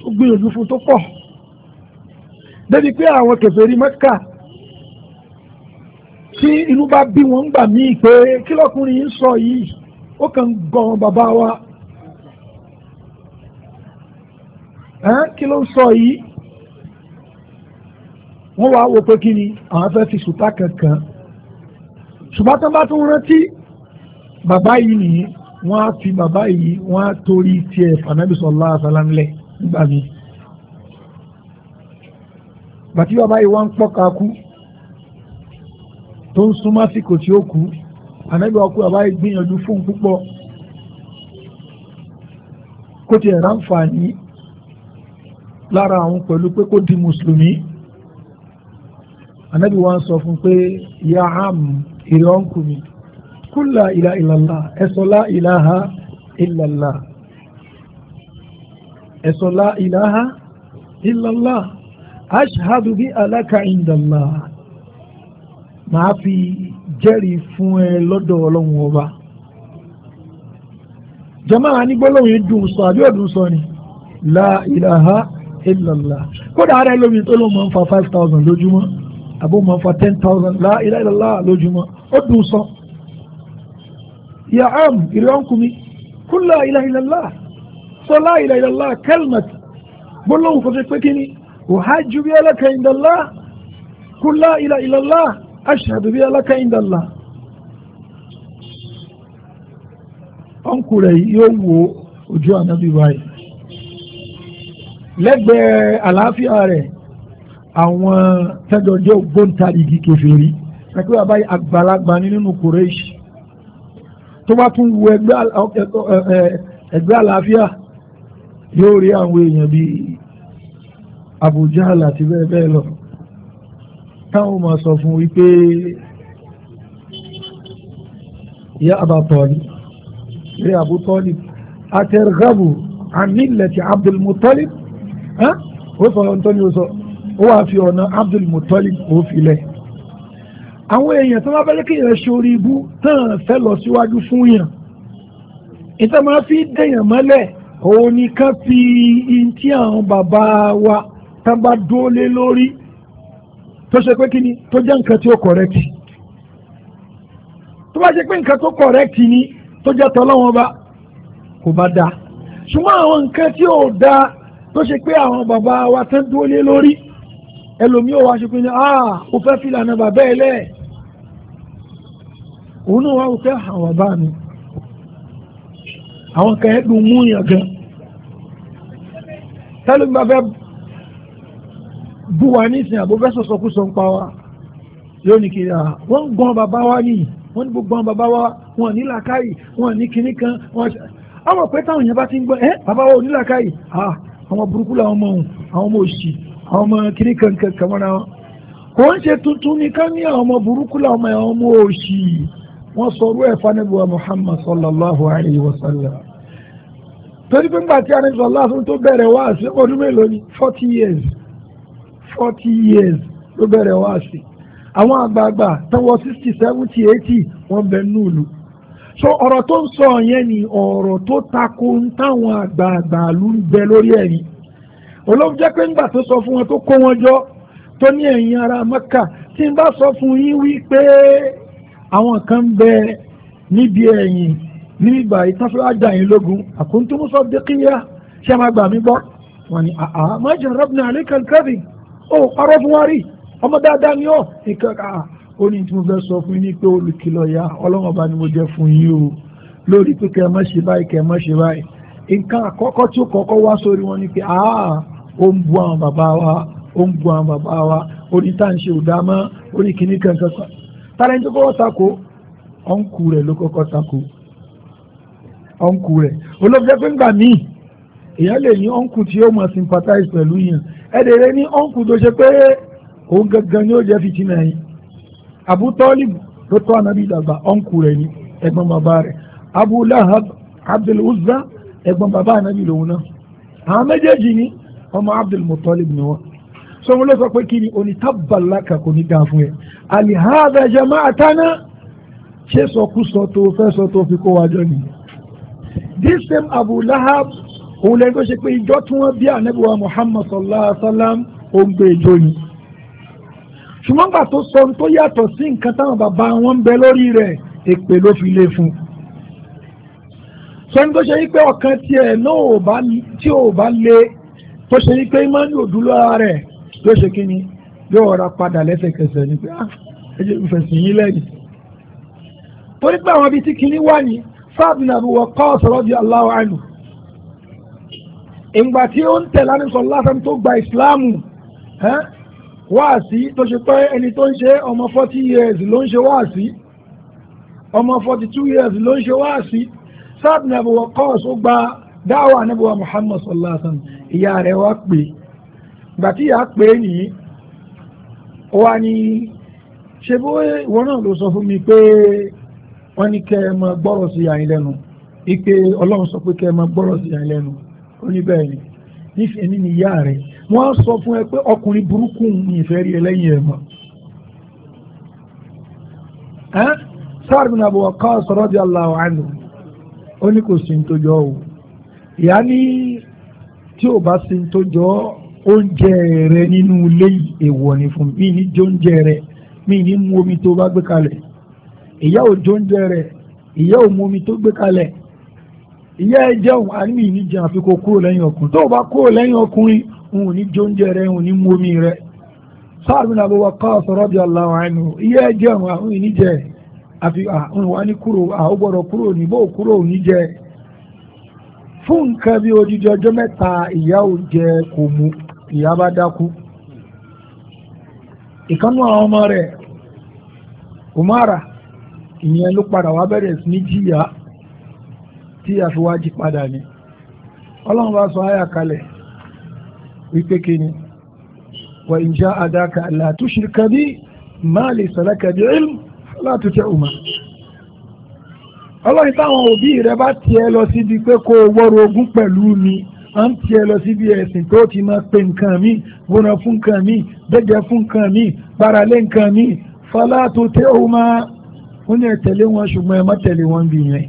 [SPEAKER 1] ó gbìyànjú fún tó pọ̀ débi pé àwọn kèfèrí Mẹ́kà tí inú bá bí wọn gbà míì pé kí lọ́kùnrin ń sọ yìí ó kàn gan bàbá wa kí ló ń sọ yìí wọ́n wá wo pé kí ni àwọn fẹ́ fi sùtá kankan ṣùgbọ́n tó bá tún rántí bàbá yìí nìyí wọ́n á fi bàbá yìí wọ́n á torí tiẹ̀ fànábì sallallahu alaihi wasallam lẹ̀ nígbà mi. bàtí bàbá yìí wá ń pọ́ka kú tó ń súnmọ́ àsìkò tí ó kú ànábì wa kú bàbá yìí gbìyànjú fún púpọ̀ kó tiẹ̀ ráǹfààní lára àwọn pẹ̀lú pé kó di mùsùlùmí anabi wa sọ fún pé ya am ìrẹ ọ̀nkù mi kul la ilaha illallah ẹ sọ la ilaha illallah ẹ sọ la ilaha illallah ashhadu bi alaka indallah màá fi jẹ́rìí fún ẹ lọ́dọ̀ ọlọ́run ọba jama'a ní gbólóhùn yìí dùn sọ àbí ọdún sọ ni la ilaha illallah kódà ara ẹlòmíì tó ló mọ̀ ń fa five thousand lójúmọ́ àbó máa fa ten thousand la ilaha illallah lójúmọ́ ó dùn sọ ya am ìrẹ́ ọ̀nkùnmi kún la ilaha illallah sọ la ilaha illallah kẹlmẹt gbólóhùn kò ṣe pé kí ni uhajju bi laka indallah kún la ilaha illallah ashhadu bi laka indallah. ọ̀nkù rẹ̀ yóò wo ojú ànábì báyìí lẹ́gbẹ̀ẹ́ àlàáfíà rẹ̀ àwọn tẹ́jọ jẹ́ ògbóǹtarìgì kèfèrí ẹgbẹ́ bàbá àgbàlagbà ní nínú kòrèṣì tó bá tún wo ẹgbẹ́ àlàáfíà yóò rí àwọn èèyàn bíi Abu Jahl àti bẹ́ẹ̀ bẹ́ẹ̀ lọ táwọn máa sọ fún wípé ya Aba Talib rí Abu Talib atẹ̀rẹ̀gábù an millati Abdul Muttalib ó sọ ohun tó sọ ó wà fi ọ̀nà Abdul Muttalib kò filẹ̀ àwọn èèyàn tó bá fẹ́ kéèyàn ṣorí ibú tán fẹ́ lọ síwájú fún yàn ìtàn máa fi dèèyàn mọ́lẹ̀ òun ni ká fi in tí àwọn bàbá wa tá bá dólé lórí tó ṣe pé kíni tó jẹ́ nǹkan tí ó kọ̀rẹ́tì tó bá ṣe pé nǹkan tó kọ̀rẹ́tì ni tó jẹ́ tọ́lọ́wọ́n bá kò bá dáa ṣùgbọ́n àwọn nǹkan tí ò dáa tó ṣe pé àwọn bàbá wa tán dólé lórí ẹlòmí ò wá ṣùgbọ́n ní àà ah, ó fẹ́ fi ìlànà bàbá ẹ lẹ́ẹ̀ òun náà wá ó fẹ́ hàn ah, wà bá mi àwọn kan ẹ̀dùn mú yàn gan tẹ́lẹ̀ bá fẹ́ bú wa nísìnyí àbó fẹ́ sọ̀sọ̀ kú sọ ń pa wa yóò ní kiri àà ah, wọ́n ń gbọ́n bàbá wa nìyí wọ́n ní gbogbo bàbá wa wọn ní làákàyè wọn ní kinní kan wọn àwọn pẹ́ táwọn ti ń gbọ́ ẹ́ eh, bàbá wa ò ní làákàyè àwọn burúkú làwọn ọmọ òun àwọn ọmọ òṣì àwọn ọmọ kiri kankan kamara wọn kò ń ṣe tuntun nìkan ní àwọn ọmọ burúkú làwọn ọmọ àwọn ọmọ òṣì wọn sọ̀rọ̀ ẹ fanabuwa muhammad sallallahu alayhi wa sallam torí pé ńgbà tí anabi sallallahu alayhi wa tó bẹ̀rẹ̀ wá sí ọdún mélòó ni forty years forty years ló bẹ̀rẹ̀ wá sí àwọn àgbààgbà tọwọ́ sixty seventy eighty wọ́n bẹ núùlù so ọ̀rọ̀ tó ń sọ yẹn ni ọ̀rọ̀ tó takò ń táwọn àgbààgbà ló ń bẹ lórí ẹ̀yìn olóhùn jẹ́ pé ńgbà tó sọ fún wọn tó kó wọn jọ tó ní ẹ̀yin ara mẹ́kà tí n bá sọ fún yín wí pé àwọn kan ń bẹ níbi ẹ̀yìn níbi ìgbà ìtafẹ́ yín lógun àkóńtúmúsọ dékìyà ṣé máa gbà mí gbọ́ wọn ni àhà má jẹ rọ́bìnrin àlẹ́ kẹ́lẹ́kẹ́lì ó parọ́ fún wa rí ọmọ dáadáa ni ó ìkẹ́kẹ́ ó ní tí mo fẹ́ sọ fún yín ní pé olùkìlọ̀ ya ọlọ́wọ́n bá ni mo jẹ́ fún yín o lórí pé kẹ́ ẹ má ṣe báyìí kẹ́ ẹ má ṣe báyìí nǹkan àkọ́kọ́ tí ó kọ́kọ́ wá sórí wọn ni pé àhà O ń bu àwọn wa o ń bu àwọn wa orí tá ń ṣe ò dá mọ́ orí kìíní kan kankan tára ẹni tó kọ́kọ́ tako ọ̀nkù rẹ̀ ló kọ́kọ́ tako ọ̀nkù rẹ̀ olóògbé pé ńgbà míì èèyàn lè ní ọ̀nkù tí ni ó jẹ́ yìí Abu tọ́ dàgbà ọ̀nkù rẹ̀ ni ẹ̀gbọ́n bàbá rẹ̀ Abu Lahab Abdul Uzza ẹ̀gbọ́n bàbá lòun náà ọmọ Abdul Muttalib ni wọn sọ wọn ló sọ pé kí ni òní tábàlákà kò ní dáa fún ẹ alihada jama'atana ṣé sọkúsọ tó fẹ́ sọ tó fi kó wájọ ni this same Abu Lahab òun lẹ́nu tó ṣe pé ìjọ tí wọ́n bí ànábìwá Muhammad sallallahu alaihi wa sallam ó ń gbé ìjọ ni ṣùgbọ́n gbà tó sọ tó yàtọ̀ sí nǹkan táwọn bàbá wọn ń bẹ lórí rẹ̀ èpè ló fi lé fún un tó ṣe yí pé ọ̀kan tiẹ̀ náà ò bá lé tó ṣe ní pé imáni òdú lọ́ra rẹ̀ tó ṣe kí ni yóò ra padà lẹ́sẹ̀kẹsẹ̀ ni pé ah, ẹjẹ́ ìfẹ̀sìn yín lẹ́yìn torí pé àwọn ibi tí kìíní wà ní Sa'd bin Abi Waqqas radiyallahu anhu ìgbà tí ó ń tẹ̀ lánìsọ̀ lásán tó gba ìsìláàmù wáàsí tó ṣe pé ẹni tó ń ṣe ọmọ forty years ló ń ṣe wáàsí ọmọ forty two years ló ń ṣe wáàsí Sa'd bin Abi Waqqas gba dáwà níbi Muhammad sallallahu alaihi ìyá rẹ̀ wá pè ìgbà tí ìyá pè nìyí wá ní ṣe bó náà ló sọ fún mi pé wọ́n ní kẹ́ ẹ mọ sí ipe ọlọ́run sọ pé kẹ́ ẹ mọ gbọ́rọ̀ sí ni nífẹ̀ẹ́ ìyá rẹ̀ sọ fún ẹ pé ọkùnrin burúkú ní ìfẹ́ rí ẹlẹ́yìn mọ́ ó ní kò tí o bá sí tó jọ oúnjẹ rẹ nínú ilé èèwọ̀ ni fún mi ní jẹ oúnjẹ rẹ mi ní mu omi tó bá gbé kalẹ̀ ìyá ò jẹ oúnjẹ rẹ ìyá ò omi tó gbé kalẹ̀ ìyá ẹ jẹun jẹun àfi kó kúrò lẹ́yìn ọkùnrin tó o bá kúrò lẹ́yìn ọkùnrin ò ní jẹ oúnjẹ rẹ ò ní omi rẹ sáàbì náà bó wa kọ́ bí ìyá ẹ jẹun àwọn fún nǹkan bí odidi ọjọ́ mẹ́ta ìyá ò jẹ kò mu ìyá bá dákú ìkánú àwọn ọmọ rẹ̀ Umara ìyẹn ló padà wá bẹ̀rẹ̀ sí ní jìyà tí a fi wá jí padà ni ọlọ́run bá sọ ayà kalẹ̀ wípé kíni wa in jahadaka la tushrika bi ma laysa laka bi ilm fala tuti'huma ọlọ́run táwọn òbí rẹ bá tiẹ̀ lọ síbi pé kó o wọ́rọ̀ ogún pẹ̀lú mi à ń tiẹ̀ lọ síbi ẹ̀sìn tó ti máa pe nǹkan mi gbóná fún nǹkan mi dẹ́jẹ́ fún nǹkan mi gbáralé nǹkan mi fọlá tó tẹ́ o máa ó ní ẹ wọn ṣùgbọ́n ẹ má tẹ̀lé wọn bí yẹn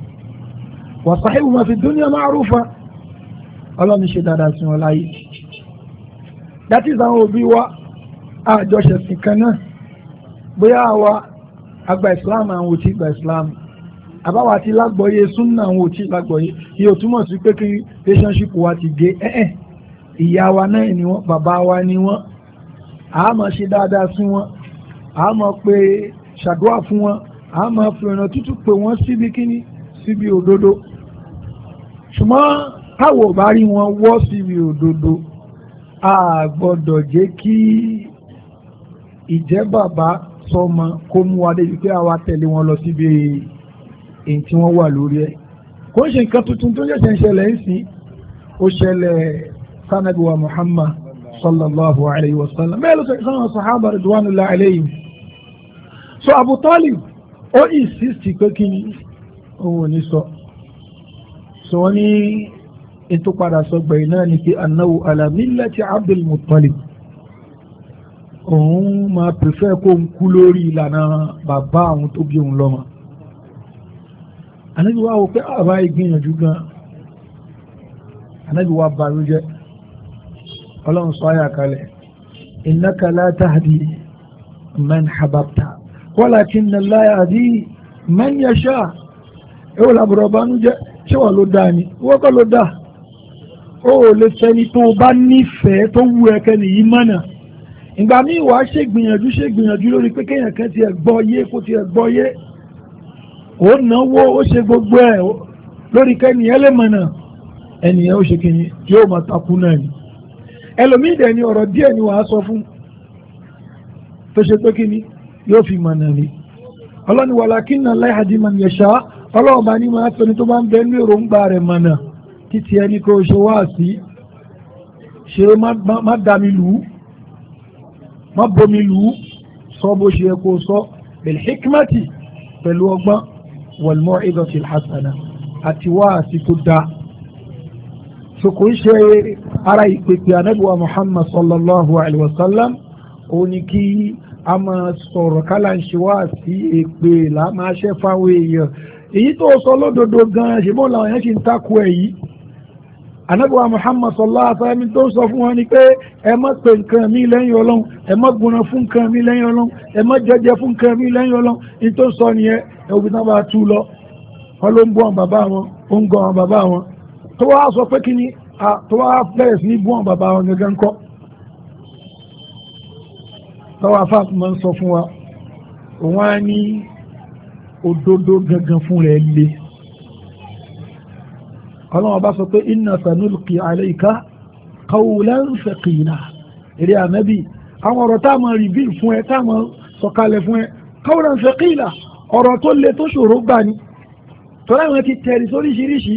[SPEAKER 1] wàsáhìbù máa fi dúnìá ma'rufa ọlọ́run ṣe dáadáa sí wọn láyé dátì sáwọn òbí wa àjọṣẹ̀sìn kan náà bóyá àwa àgbà ìsìláàmù àwọn ò àbáwá ti lágbọ́yé súnà àwọn ò tí lágbọ́yé yóò túmọ̀ sí pé kí relationship wa ti gé ẹ̀ẹ́ ìyá wa náà ni wọ́n bàbá wa ni wọ́n a máa ṣe dáadáa sí wọn a máa ṣàdúrà fún wọn a máa fi ọ̀nà tútù pé wọ́n síbi kíní síbi òdodo ṣùgbọ́n táwọn bá rí wọn wọ́ síbi òdodo a gbọ́dọ̀ jẹ́ kí ìjẹ́ bàbá sọmọ kó mú wa débi pé àwa tẹ̀lé wọn lọ síbi èyí èyí tí wọ́n wà lórí ẹ̀ kò ń ṣe nǹkan tuntun tó ṣẹ̀ṣẹ̀ ń ṣẹlẹ̀ ń sìn ó ṣẹlẹ̀ sanabiwa Muhammad sallallahu alayhi wa sallam bẹ́ẹ̀ ló sọ ìsọ́nà sahaba ridwanullahi alayhim so Abu Talib ó insist pé kí ni òun ò ní sọ so wọ́n ní ètò padà sọ gbẹ̀yìn náà ni pé annahu ala millati Abdul òun máa prefer kó ń kú lórí ìlànà bàbá àwọn tó bí òun lọ́mọ anábì wá wò pé àbá ah, ìgbìyànjú gan anábì wá bàrú jẹ́ ọlọ́run sọ ayà kalẹ̀ innaka la tahdi man hababta walakinna Allah yahdi man yasha èwo làbùrọ̀ bá ń jẹ́ ṣé wà ló dáa ni wọ́n kọ́ ló dáa ó lè fẹ́ni tó bá nífẹ̀ẹ́ tó wù ẹ̀kẹ́ nìyí mọ́nà ìgbà míì wàá ṣègbìyànjú ṣègbìyànjú lórí pé kéèyàn kan ti ẹ̀ gbọ́ yé kó ti ẹ̀ gbọ́ yé ó náwó ó ṣe gbogbo ẹ̀ lórí kẹ́ni ẹlẹ́mọ̀nà ẹnìyẹn ó ṣe kìíní yóò máa takú náà ni ẹlòmíì dẹ̀ ni ọ̀rọ̀ díẹ̀ ni wàá sọ fún tó ṣe pé kíni yóò fi mọ̀nà ni ọlọ́ni walakinna Allaha yahdi man yasha ọlọ́run bá ní máa tóni tó bá ń bẹ ní èròǹgbà rẹ̀ mọ̀nà títí ẹni kò ṣe wá sí ṣe má dami lù ú má bomi lù ú sọ bó ṣe yẹ kó sọ bil hikmati pẹ̀lú ọgbọ́n wal-mau'izati al-hasana àti wáàsí tó dáa sòkò ń ṣe ara ìpèpè anábìwá muhammad sallallahu alayhi wa sallam ó ní kí a máa sọ̀rọ̀ kálá ń ṣe wáàsí èpè là máa ṣe fáwọn èèyàn èyí tó sọ lódodo gan-an ṣe mọ́ làwọn yẹn ṣe ń takò ẹ̀ yìí anábíwá muhammad sallallahu alaihi wasallam tó sọ fún wọn ni pé ẹ má pè nǹkan mi lẹ́yìn ọlọ́run ẹ má gbóná fún nǹkan mi lẹ́yìn ọlọ́run ẹ má jẹjẹ fún nǹkan mi lẹ́yìn ọlọ́run ní tó sọ nìyẹn ẹ̀wọ̀n náà bá tú lọ wọn ló ń bú àwọn bàbá wọn ó ń gan àwọn bàbá wọn tó wá sọ pé kí ni tó wá bẹ̀rẹ̀ sí ní bú àwọn bàbá wọn gẹ́gẹ́ ńkọ́ tọ́wọ́ afá máa ń sọ fún wa òun á ní òdodo gangan fún rẹ̀ lé ọlọ́wọ́ bá sọ pé inna sanulqi alayka qawlan thaqila eré ànábì àwọn ọ̀rọ̀ tá a máa rìbí fún ẹ tá a máa sọ̀kalẹ̀ fún ẹ qawlan thaqila ọ̀rọ̀ tó le tó ṣòro gbà ni tọ́lá ìwọ̀n ti tẹ̀rí sóríṣiríṣi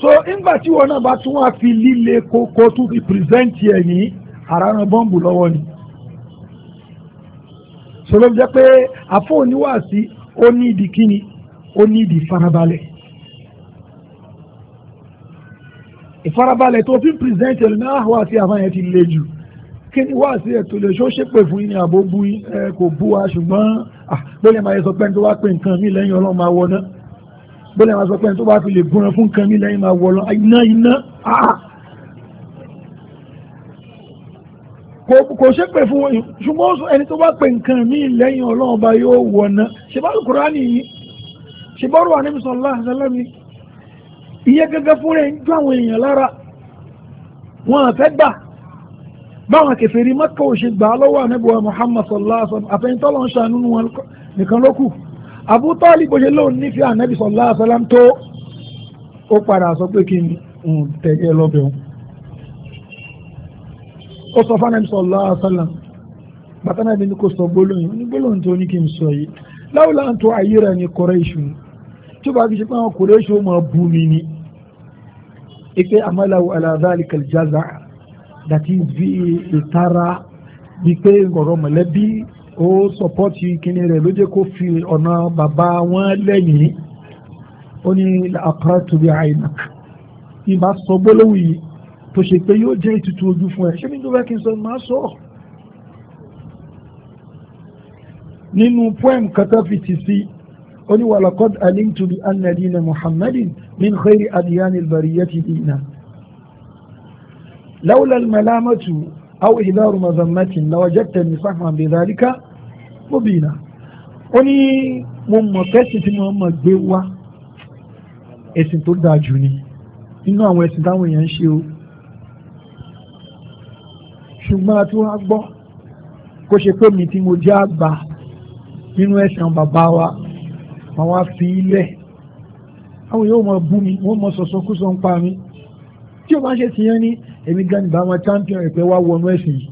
[SPEAKER 1] so ńgbà tí wọn náà bá tún wá fi líle kókó tún fi pírẹsẹ́ǹtì ẹ̀ ní àràràn bọ́ǹbù lọ́wọ́ ni so ló jẹ́ pé àfọ̀ oníwàásí ó ní ìdí kíni ó ní ìdí farabalẹ̀ ìfarabalẹ̀ tó fi ń pìrìsẹ́ǹtì ẹ̀lú náà wá sí àfáà yẹn ti le jù kí ni wá sí ẹ̀tọ́ lè ṣó ṣépè fún yín àbó bú ẹ kò bú wa ṣùgbọ́n bóyá máa yẹ sọ pé ní tó wá pé nǹkan mi lẹ́yìn ọlọ́run máa wọ náà bóyá máa sọ pé ní tó bá fi lè gúnran fún nǹkan mi lẹ́yìn máa wọ lọ iná iná kò ṣépè fún wọn ṣùgbọ́n ẹni tó bá pé nǹkan mi lẹ́yìn ọlọ́run bá yóò wọ náà ṣe bá lùkùrá nìyí ṣe bọ́rù ànímísọ̀ láàrín ìyẹn gẹ́gẹ́ fún rẹ̀ ń jó àwọn èèyàn lára wọn àfẹ́ gbà báwọn kèfèrí Mẹ́kà ò ṣe gbà á lọ́wọ́ ànábùwà Muhammad sallallahu alaihi wasallam àfẹ́yìntọ́lọ́ ń ṣàánú wọn nìkan ló kù Abu Talib bó ṣe lóun nífẹ̀ẹ́ ànábì sallallahu alaihi wasallam tó ó padà sọ pé kí n tẹ̀yẹ lọ́bẹ̀ wọn ó sọ fún ànábì sallallahu alaihi wasallam bàtà náà ní kò sọ gbólóyìn ní gbólóyìn tó ní kí n sọ yìí láwùlà ipe amalawo aladali kaljaza dati bi ìtara wípé ọ̀rọ̀ mọ̀lẹ́bí ó sọpọ́tì kíní rẹ̀ ló jẹ́ kó fi ọ̀nà bàbá wọn lẹ́yìn ó ní àkàràtù bí àìnàk ìbá sọ gbólóhùn yìí tó ṣe pé yóò jẹ́ ìtutù ojú fún ẹ ṣé mi tó fẹ́ kí n sọ máa sọ nínú poem kan fi ti Si, قل ولقد علمت بأن دين محمد من خير أديان البرية دينا لولا الملامة أو إذار مذمة لوجدتني صحما بذلك مبينا قني ممكسة محمد بوا ẹ̀sìn tó dáa jù ni nínú àwọn ẹ̀sìn táwọn èèyàn ń ṣe o ṣùgbọ́n a ti wá gbọ́ kó ṣe pé mi tí mo jẹ́ àgbà nínú ẹ̀sìn bàbá wa àwọn afi ilẹ̀ àwọn yóò mọ bú mi wọ́n mọ sọ̀sọ́ kú sọ ń pa mi tí o bá ṣe tiyẹn ní èmi gan ìbá wọn champion ẹ̀pẹ́ wá wọnú ẹ̀sìn yìí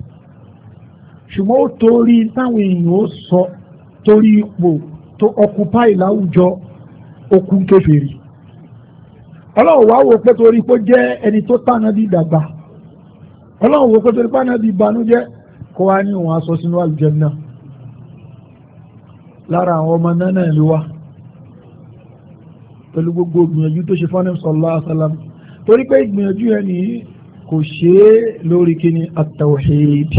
[SPEAKER 1] ṣùgbọ́n ó torí táwọn èèyàn ó sọ torí ipò tó occupy láwùjọ okun kèfèrí ọlọ́run wá wò pé torí pé ó jẹ́ ẹni tó tànà bí dàgbà ọlọ́run wò pé torí pé ànábì ìbànújẹ́ kó wá ní òun aṣọ sínú àlùjẹ náà lára àwọn ọmọ náà náà ló wà pẹ̀lú gbogbo ìgbìyànjú tó ṣe fọ́nà sallallahu alaihi wasallam torí pé ìgbìyànjú yẹn ni kò ṣe é lórí kíni at-tawhid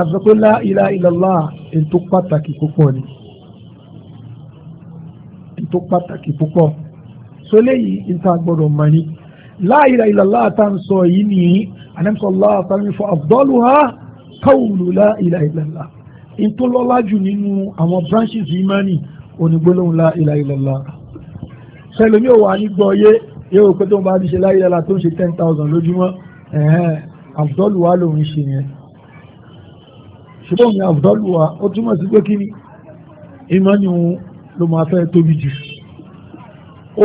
[SPEAKER 1] àti pé la ilaha illallah ètò pàtàkì púpọ̀ ni ètò pàtàkì púpọ̀ so léyìí níta gbọ́dọ̀ mọ̀ ni la ilaha illallah tá à ń sọ yìí ni anamsọ̀lá àtàlẹ́ fún afdaluha qawlu la ilaha illallah ìtòlọ́lájú nínú àwọn branches imani onígbólóhùn la ilaha tẹlomi ò wà ní gbọ́yé yóò pé tó ń bá ti ṣe láyé lọ́la tó ń ṣe ten thousand lójúmọ́ ẹ̀hẹ́n àbùdọ́lùwà lòun ṣe yẹn ṣùgbọ́n ní àbùdọ́lùwà ó túmọ̀ sí pé kí ni ìmọ̀ ni òun ló máa fẹ́ tóbi jù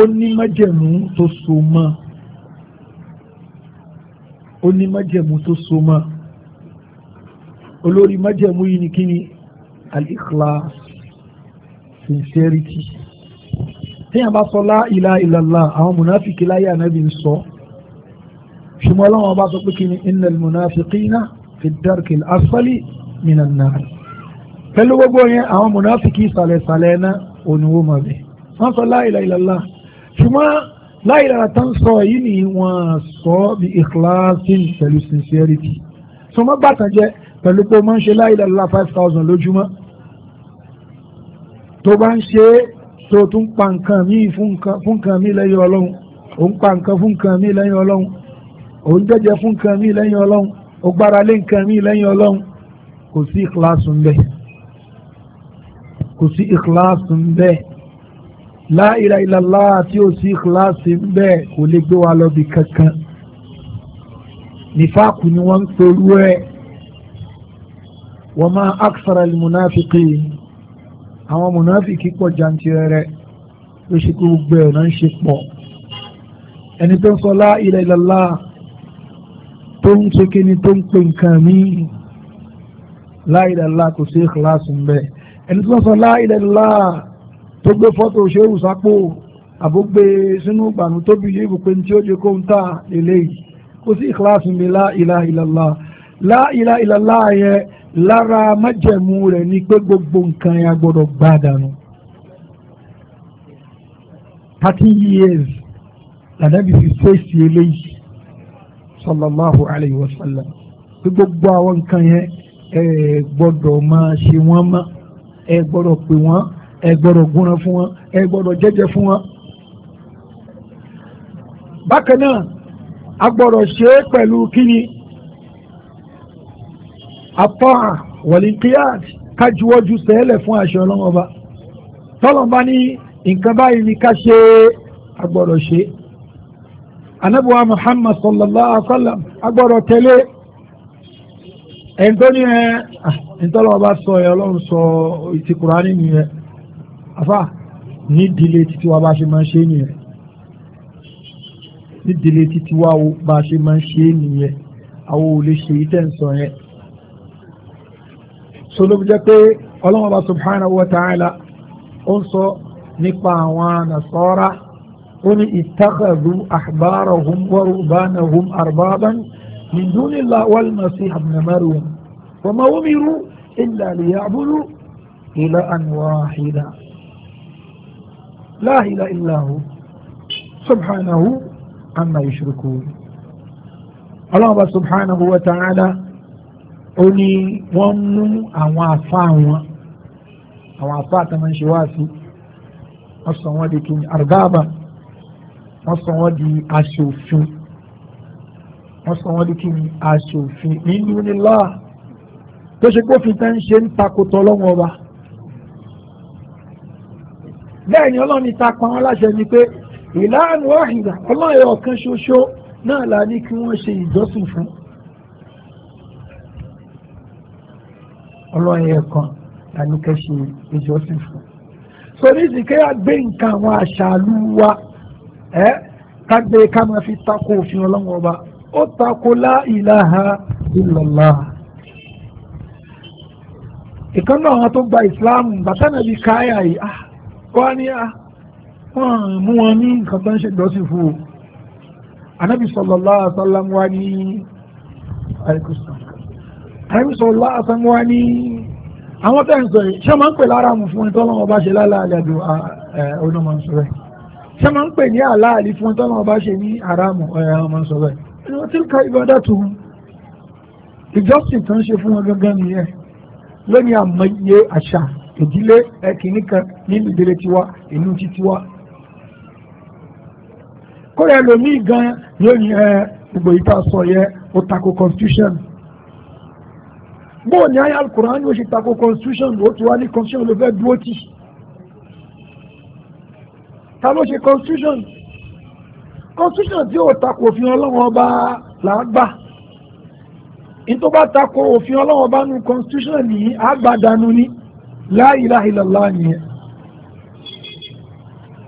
[SPEAKER 1] ó ní májẹ̀mú tó so mọ́ ó ní májẹ̀mú tó so mọ́ olórí májẹ̀mú yìí ni kí ni al sincerity téèyàn bá sọ lá ilaha illallah àwọn mùnáfíkì láyé ànábì ń sọ ṣùgbọ́n ọlọ́wọ́n bá sọ pé kí ni innal munafiqina fi darkil asfali minan nar pẹ̀lú gbogbo yẹn àwọn mùnáfíkì ìsàlẹ̀sàlẹ̀ náà òníwó máa bẹ̀ wọ́n sọ lá ilaha illallah ṣùgbọ́n lá ilaha tán sọ yìí ni wọ́n sọ bí ikhlasin pẹ̀lú sincerity tó má bàtà jẹ́ pẹ̀lú pé ó máa ń ṣe lá ilaha illallah five thousand lójúmọ́ tó bá ń ṣe é tó tún pa nǹkan míì fún nǹkan míì lẹ́yìn ọlọ́run òun pa nǹkan fún nǹkan míì lẹ́yìn ọlọ́run òun jẹ́jẹ́ fún nǹkan míì lẹ́yìn ọlọ́run ó gbára lé nǹkan míì lẹ́yìn ọlọ́run kò sí ìkíláàsù ń bẹ kò sí ìkíláàsù ń bẹ la ilaha tí ò sí ìkíláàsù ń bẹ kò lè gbé wa lọ bí kankan nífàkù ni wọ́n ń pẹ̀lú ẹ̀ wa ma akthara al-munafiqin àwọn mùnáfìkì pọ̀ jantirẹrẹ ló ṣe kó gbogbo ẹ̀ náà ń ṣe pọ̀ ẹni tó ń sọ lá ilẹ̀ ìlàlá tó ń ṣe kíni tó ń pè nǹkan míì lá ilẹ̀ ìlàlá kò sí ìkìláàsì ń bẹ̀ ẹni tó ń sọ lá ilẹ̀ ìlàlá tó gbé fọ́tò ṣéwù sápò àbúgbé sínú ìgbànú tóbi yìí bù pé ní tí ó jẹ kó ń tà lélẹ́yìí kò sí ìkìláàsì ń bẹ̀ lá ilẹ̀ ìlàlá lá ilẹ̀ ìlàlá yẹn lára májẹ̀mú rẹ̀ ni pé gbogbo nǹkan ya gbọ́dọ̀ gbá dànù thirty years làdábì fi fèsì eléyìí sallallahu alayhi wa sallam pé gbogbo àwọn nǹkan yẹn ẹ gbọ́dọ̀ máa ṣe wọ́n mọ́ ẹ gbọ́dọ̀ pè wọ́n ẹ gbọ́dọ̀ gúnra fún wọn ẹ gbọ́dọ̀ jẹ́jẹ́ fún wọn. bákan náà a gbọ́dọ̀ ṣe é pẹ̀lú kíni àtọ́hà wọ̀lìkíyàd kájúwọ́jú sẹ́lẹ̀ fún àṣẹ ọlọ́run ọba tọ́lọ́n bá ní nǹkan báyìí ni ká ṣe agbọ́dọ̀ ṣe anabuwa muhammad sallallahu alaihi wa sallam agbọ́dọ̀ tẹ̀lé ẹ̀ńtọ́ ni ẹ̀ ah, ẹ̀ńtọ́lọ́ ọba sọ ẹ̀ ọlọ́run sọ ti kùránì nìyẹn afa ní ìdílé títí wa bá ṣe máa ń ṣe nìyẹn ní ìdílé títí wa bá ṣe máa ń ṣe nìyẹn àwọn ò lè ṣe ìtẹ̀sán yẹn sọlọ́ jẹ́ pé ọlọ́wọ́n bá subhanahu wa ta'ala ó ń sọ nípa àwọn nasọ́ra ó ní ittakhadhu ahbarahum wa rubanahum arbaban min dunillahi wal masiha ibn maryam wa ma umiru illa liya'budu ilahan wahida la subhanahu amma yushrikun ọlọ́wọ́n bá subhanahu wa ta'ala ó ní wọ́n mú àwọn àfa wọn àwọn àfa àtàwọn ṣe wá sí wọ́n sọ wọ́n di kí àrùbáàbà wọ́n sọ wọ́n di aṣòfin wọ́n sọ wọ́n di kí aṣòfin nínú nílá tó ṣe kófin tá ń ṣe ń takòtò ọlọ́wọ́n ọba bẹ́ẹ̀ ni ọlọ́run ta pa wọn láṣẹ ni pé ìlànà wàhídà ọlọ́run ọ̀kan ṣoṣo náà là ní kí wọ́n ṣe ìjọsìn fún un. ọlọ́run yẹn kan tani kẹ́ ṣe ìjọsìn fún. so nísìnyí kẹ́yà gbé nǹkan àwọn àṣàlù wa ẹ́ kágbé ká máa fi tako òfin ọlọ́run ọba ó tako la ilaha illallah. ìkan náà àwọn tó gba ìsìláàmù bàtà náà bí káyà yìí ah wọ́n á ní ah wọ́n mú wọn ní nǹkan tó ń ṣe ìjọsìn fún o. anábì sallallahu alaihi wasallam wa ní àìkú àìsàn ọlá àsanwó ní àwọn tẹ́ ń sọ yìí ṣé máa ń pè lára mu fún ìtọ́lọ́wọ́ bá ṣe láláàlẹ́ àdó onímọ̀nsọ̀rẹ́ ṣé máa ń pè ní àláàlì fún ìtọ́lọ́wọ́ bá ṣe ní àràmù ọmọnsọ̀rẹ́ ẹni tí ká ìbádà tó hun ìjọsìn tó ń ṣe fún wọn gangan nìyẹn lónìí àmọye àṣà ìdílé ẹkìnní nínú ìdílé constitution bóò ní ayé alukur'an ni ó ṣe tako constitution ló ti wá ní constitution ló fẹ́ dúró tì ta ló ṣe constitution constitution tí ó tako òfin ọlọ́wọ́n ọba làágbà nítorí bá tako òfin ọlọ́wọ́n ọba nu constitution ní àgbàdànù ní la ilaha illallah nìyẹn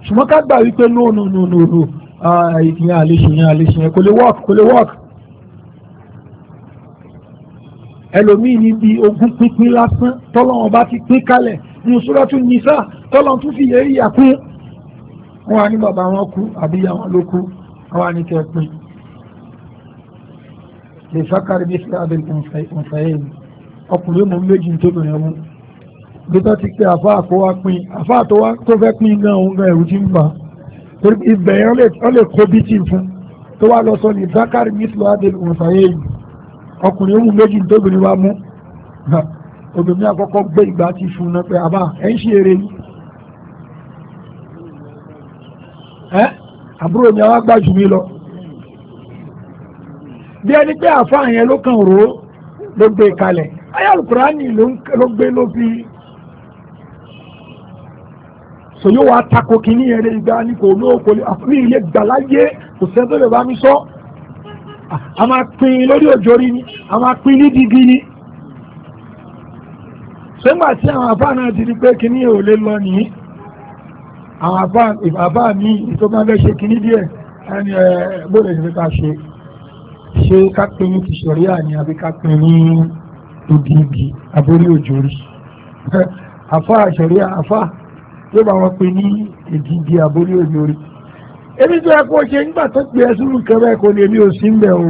[SPEAKER 1] ṣùgbọ́n ká gbà wípé no no no no no ah, ìyẹn àlè ṣe yẹn àlè ṣe yẹn kò lè work kò lè work. ẹlòmíì níbi ogún pínpín lásán tọ́lọ́wọ́n bá ti pín kalẹ̀ ní sùrátù nìsá tọ́lọ́wọ́n tún fi yẹ ìyà pín wọn ní bàbá wọn kú àbí ìyá wọn ló kú wọn ní kẹ́ pín lè sákàrí bí sí abẹ́ ìfẹ̀yẹ́ yìí ọkùnrin mú méjì tó bẹ̀rẹ̀ mú bí tó ti pé àfáà kó wá pín àfáà tó wá tó fẹ́ pín gan òun gan ẹ̀rù ti ń bà ibẹ̀ yẹn ó lè kó bítì fún tó wá lọ sọ ní sákàrí bí sí abẹ́ ìfẹ̀yẹ́ yìí ọkùnrin ó mú méjì tóbìnrin wa mú obìnrin àkọ́kọ́ gbé ìgbà ti fún náà pé àbá ẹ̀ ń ṣe eré yìí ẹ́ àbúrò mi àwọn agbájú mi lọ bí ẹni pé àfa yẹn ló kàn rò ó ló gbé e kalẹ̀ ayélujára ló gbé ló fi sọ yóò wá takò kínní yẹn lè gba ní kò ní òkòlè àfúrí ilé kò sẹ́ńtọ́ lè bá mi sọ. So, a máa pín lórí òjòrí ni a máa pín ní dígí ni sọ́gbà tí àwọn àbá náà ti di pé kíní ò lè lọ nìyí àwọn àbá mi tó máa fẹ́ ṣe kíní díẹ̀ ẹni ẹ gbọ́dọ̀ ìṣẹ́ ká ṣe ṣe ká pín ní ti ṣọ̀rí àní àbí ká pín ní ìdí igi àbórí òjòrí àfá àṣọ̀rí àfá yóò bá wọn pín ní ìdí igi àbórí òjòrí èmi tó yẹ kó ṣe nígbà tó pè ẹ́ sínú kẹrẹ kò ní èmi ò sí mbẹ̀ o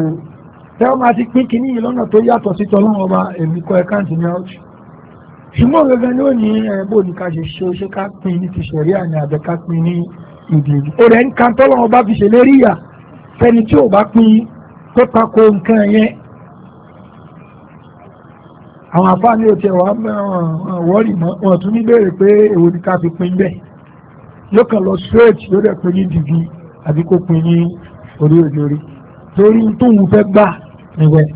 [SPEAKER 1] tẹ́wọ́n máa ti pín kínní yìí lọ́nà tó yàtọ̀ sí tọ́lọ́wọ́ ọba èmi kọ́ ẹ̀káǹtì ní ọ̀tù ṣùgbọ́n gẹ́gẹ́ ní òní ẹ̀bù ní ká ṣe ṣe ṣe ká pín ní ti ṣẹ̀rí àní àbẹ̀ ká pín ní ìdìbò ó rẹ̀ ń kan tọ́lọ́wọ́ bá fi ṣèlérí yà fẹ́ni tí ò bá pín tó tako nǹkan yẹn àwọn afáàní ò tiẹ̀ wá wọ́ọ̀rì mọ́ wọn tún ní béèrè pé èwo ni ká fi pín bẹ́ẹ̀ yóò kàn lọ straight yóò dẹ̀ pín ní dìbò àbí kó pin ní orí òjòrí torí tóun fẹ́ gbà níwẹ̀.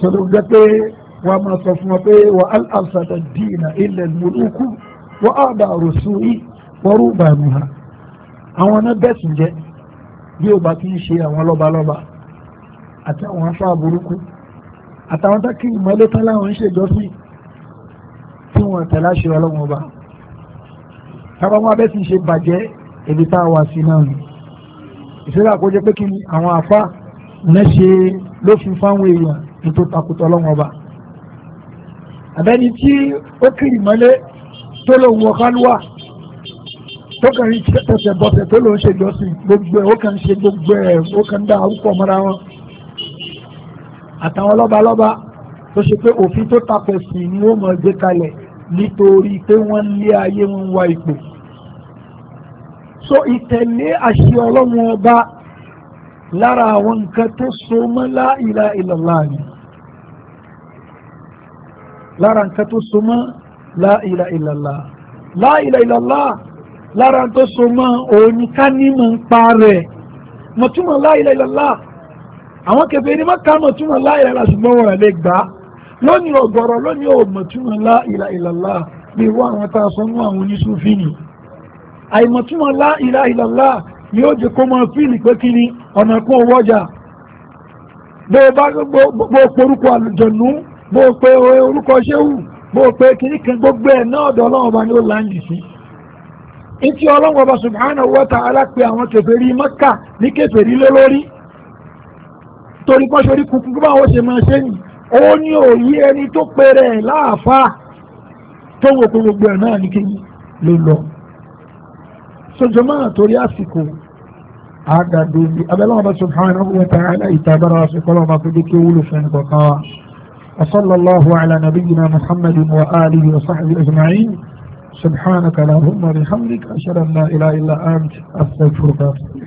[SPEAKER 1] sọ́dọ̀ jẹ́ pé wọ́n a máa sọ fún wọn pé wà á àṣàdà dìínà ilẹ̀ mọ̀lúkù wọ́n á dà rọ̀ṣù yìí wọ́n bàánù ha àwọn náà bẹ̀sùn jẹ́ bí ó bá kí ń ṣe àwọn lọ́balọ́ba àti àwọn afá burúkú àtàwọn tá kí ìmọ̀lẹ́tàn láwọn ń ṣèjọ́sìn tí wọ́n tẹ̀lé àṣírí ọlọ́wọ́n ọba sábàmọ́ abẹ́ sì ṣe bàjẹ́ èdè tá a wà sí náà nù ìṣẹ́lẹ̀ àkójọ pé kí àwọn àfá ní ṣe lófin fáwọn èèyàn ní tó takùtọ̀ ọlọ́wọ́n ọba àbẹ́ni tí ó kiri mọ́lé tó lò wọ kálúwà tó kàn rí tẹ̀tẹ̀ bọ̀tẹ̀ tó lò ń ṣe jọ́sìn gbogbo ẹ̀ ó kàn ṣe gbogbo ẹ̀ ó kàn dá àwùpọ̀ mọ́ra wọn àtàwọn lọ́balọ́ba tó ṣe pé òfin tó tapẹ̀ sí ni ó mọ̀ gbé kalẹ̀ nítorí pé wọ́n lé ayé wọn wá ipò so ìtẹ̀lé àṣẹ ọlọ́run ọba lára àwọn nǹkan tó so mọ́ la ilaha illallah ni lára nǹkan tó so mọ́ la ilaha illallah la ilaha illallah lára tó so mọ́ òní ká ní ń pa rẹ̀ mọ̀túmọ̀ la ilaha àwọn kẹfẹ́ ní má ká mọ̀túmọ̀ la ilaha ṣùgbọ́n wọn lè gbà lónìí ọ̀gọ̀rọ̀ lónìí ọ̀mọ̀túnmọ̀ lá ìlà ìlàlá bí wọ́n àwọn tá a sọ mú àwọn oníṣúfì ni àìmọ̀túnmọ̀ lá ìlà ìlàlá ni ó jẹ́ kó máa fíìlì pé kí ni ọ̀nà kún owó ọjà bó o bá gbogbo orúkọ àlùjọ̀nù bó o pe orúkọ ṣéwù bó o pe kìnnìkan gbogbo ẹ̀ náà ọ̀dọ̀ ọlọ́run ọba ni ó láǹdì sí ìtí ọlọ́run ọba subhanahu wa ta'ala pé àwọn kèfèrí Mákkà ní kèfèrí lé lórí torí pọ́ṣorí kúkú bá wọ́n ṣe máa ṣe ó ní òye ẹni tó pẹ̀rẹ̀ láàfáà tó wò pé gbogbo ẹ̀ náà ní kí ló lọ sọjọ́ máa torí àsìkò àgàdo bí abẹ́lẹ́wọ̀n bá subhanahu wa ta'ala ìtàgbára àsìkò lọ́wọ́ máa fojú kí wúlò fẹ́ ní kọ̀ọ̀kan wa وصلى الله على نبينا محمد وآله وصحبه أجمعين سبحانك اللهم وبحمدك أشهد أن لا إله إلا أنت أستغفرك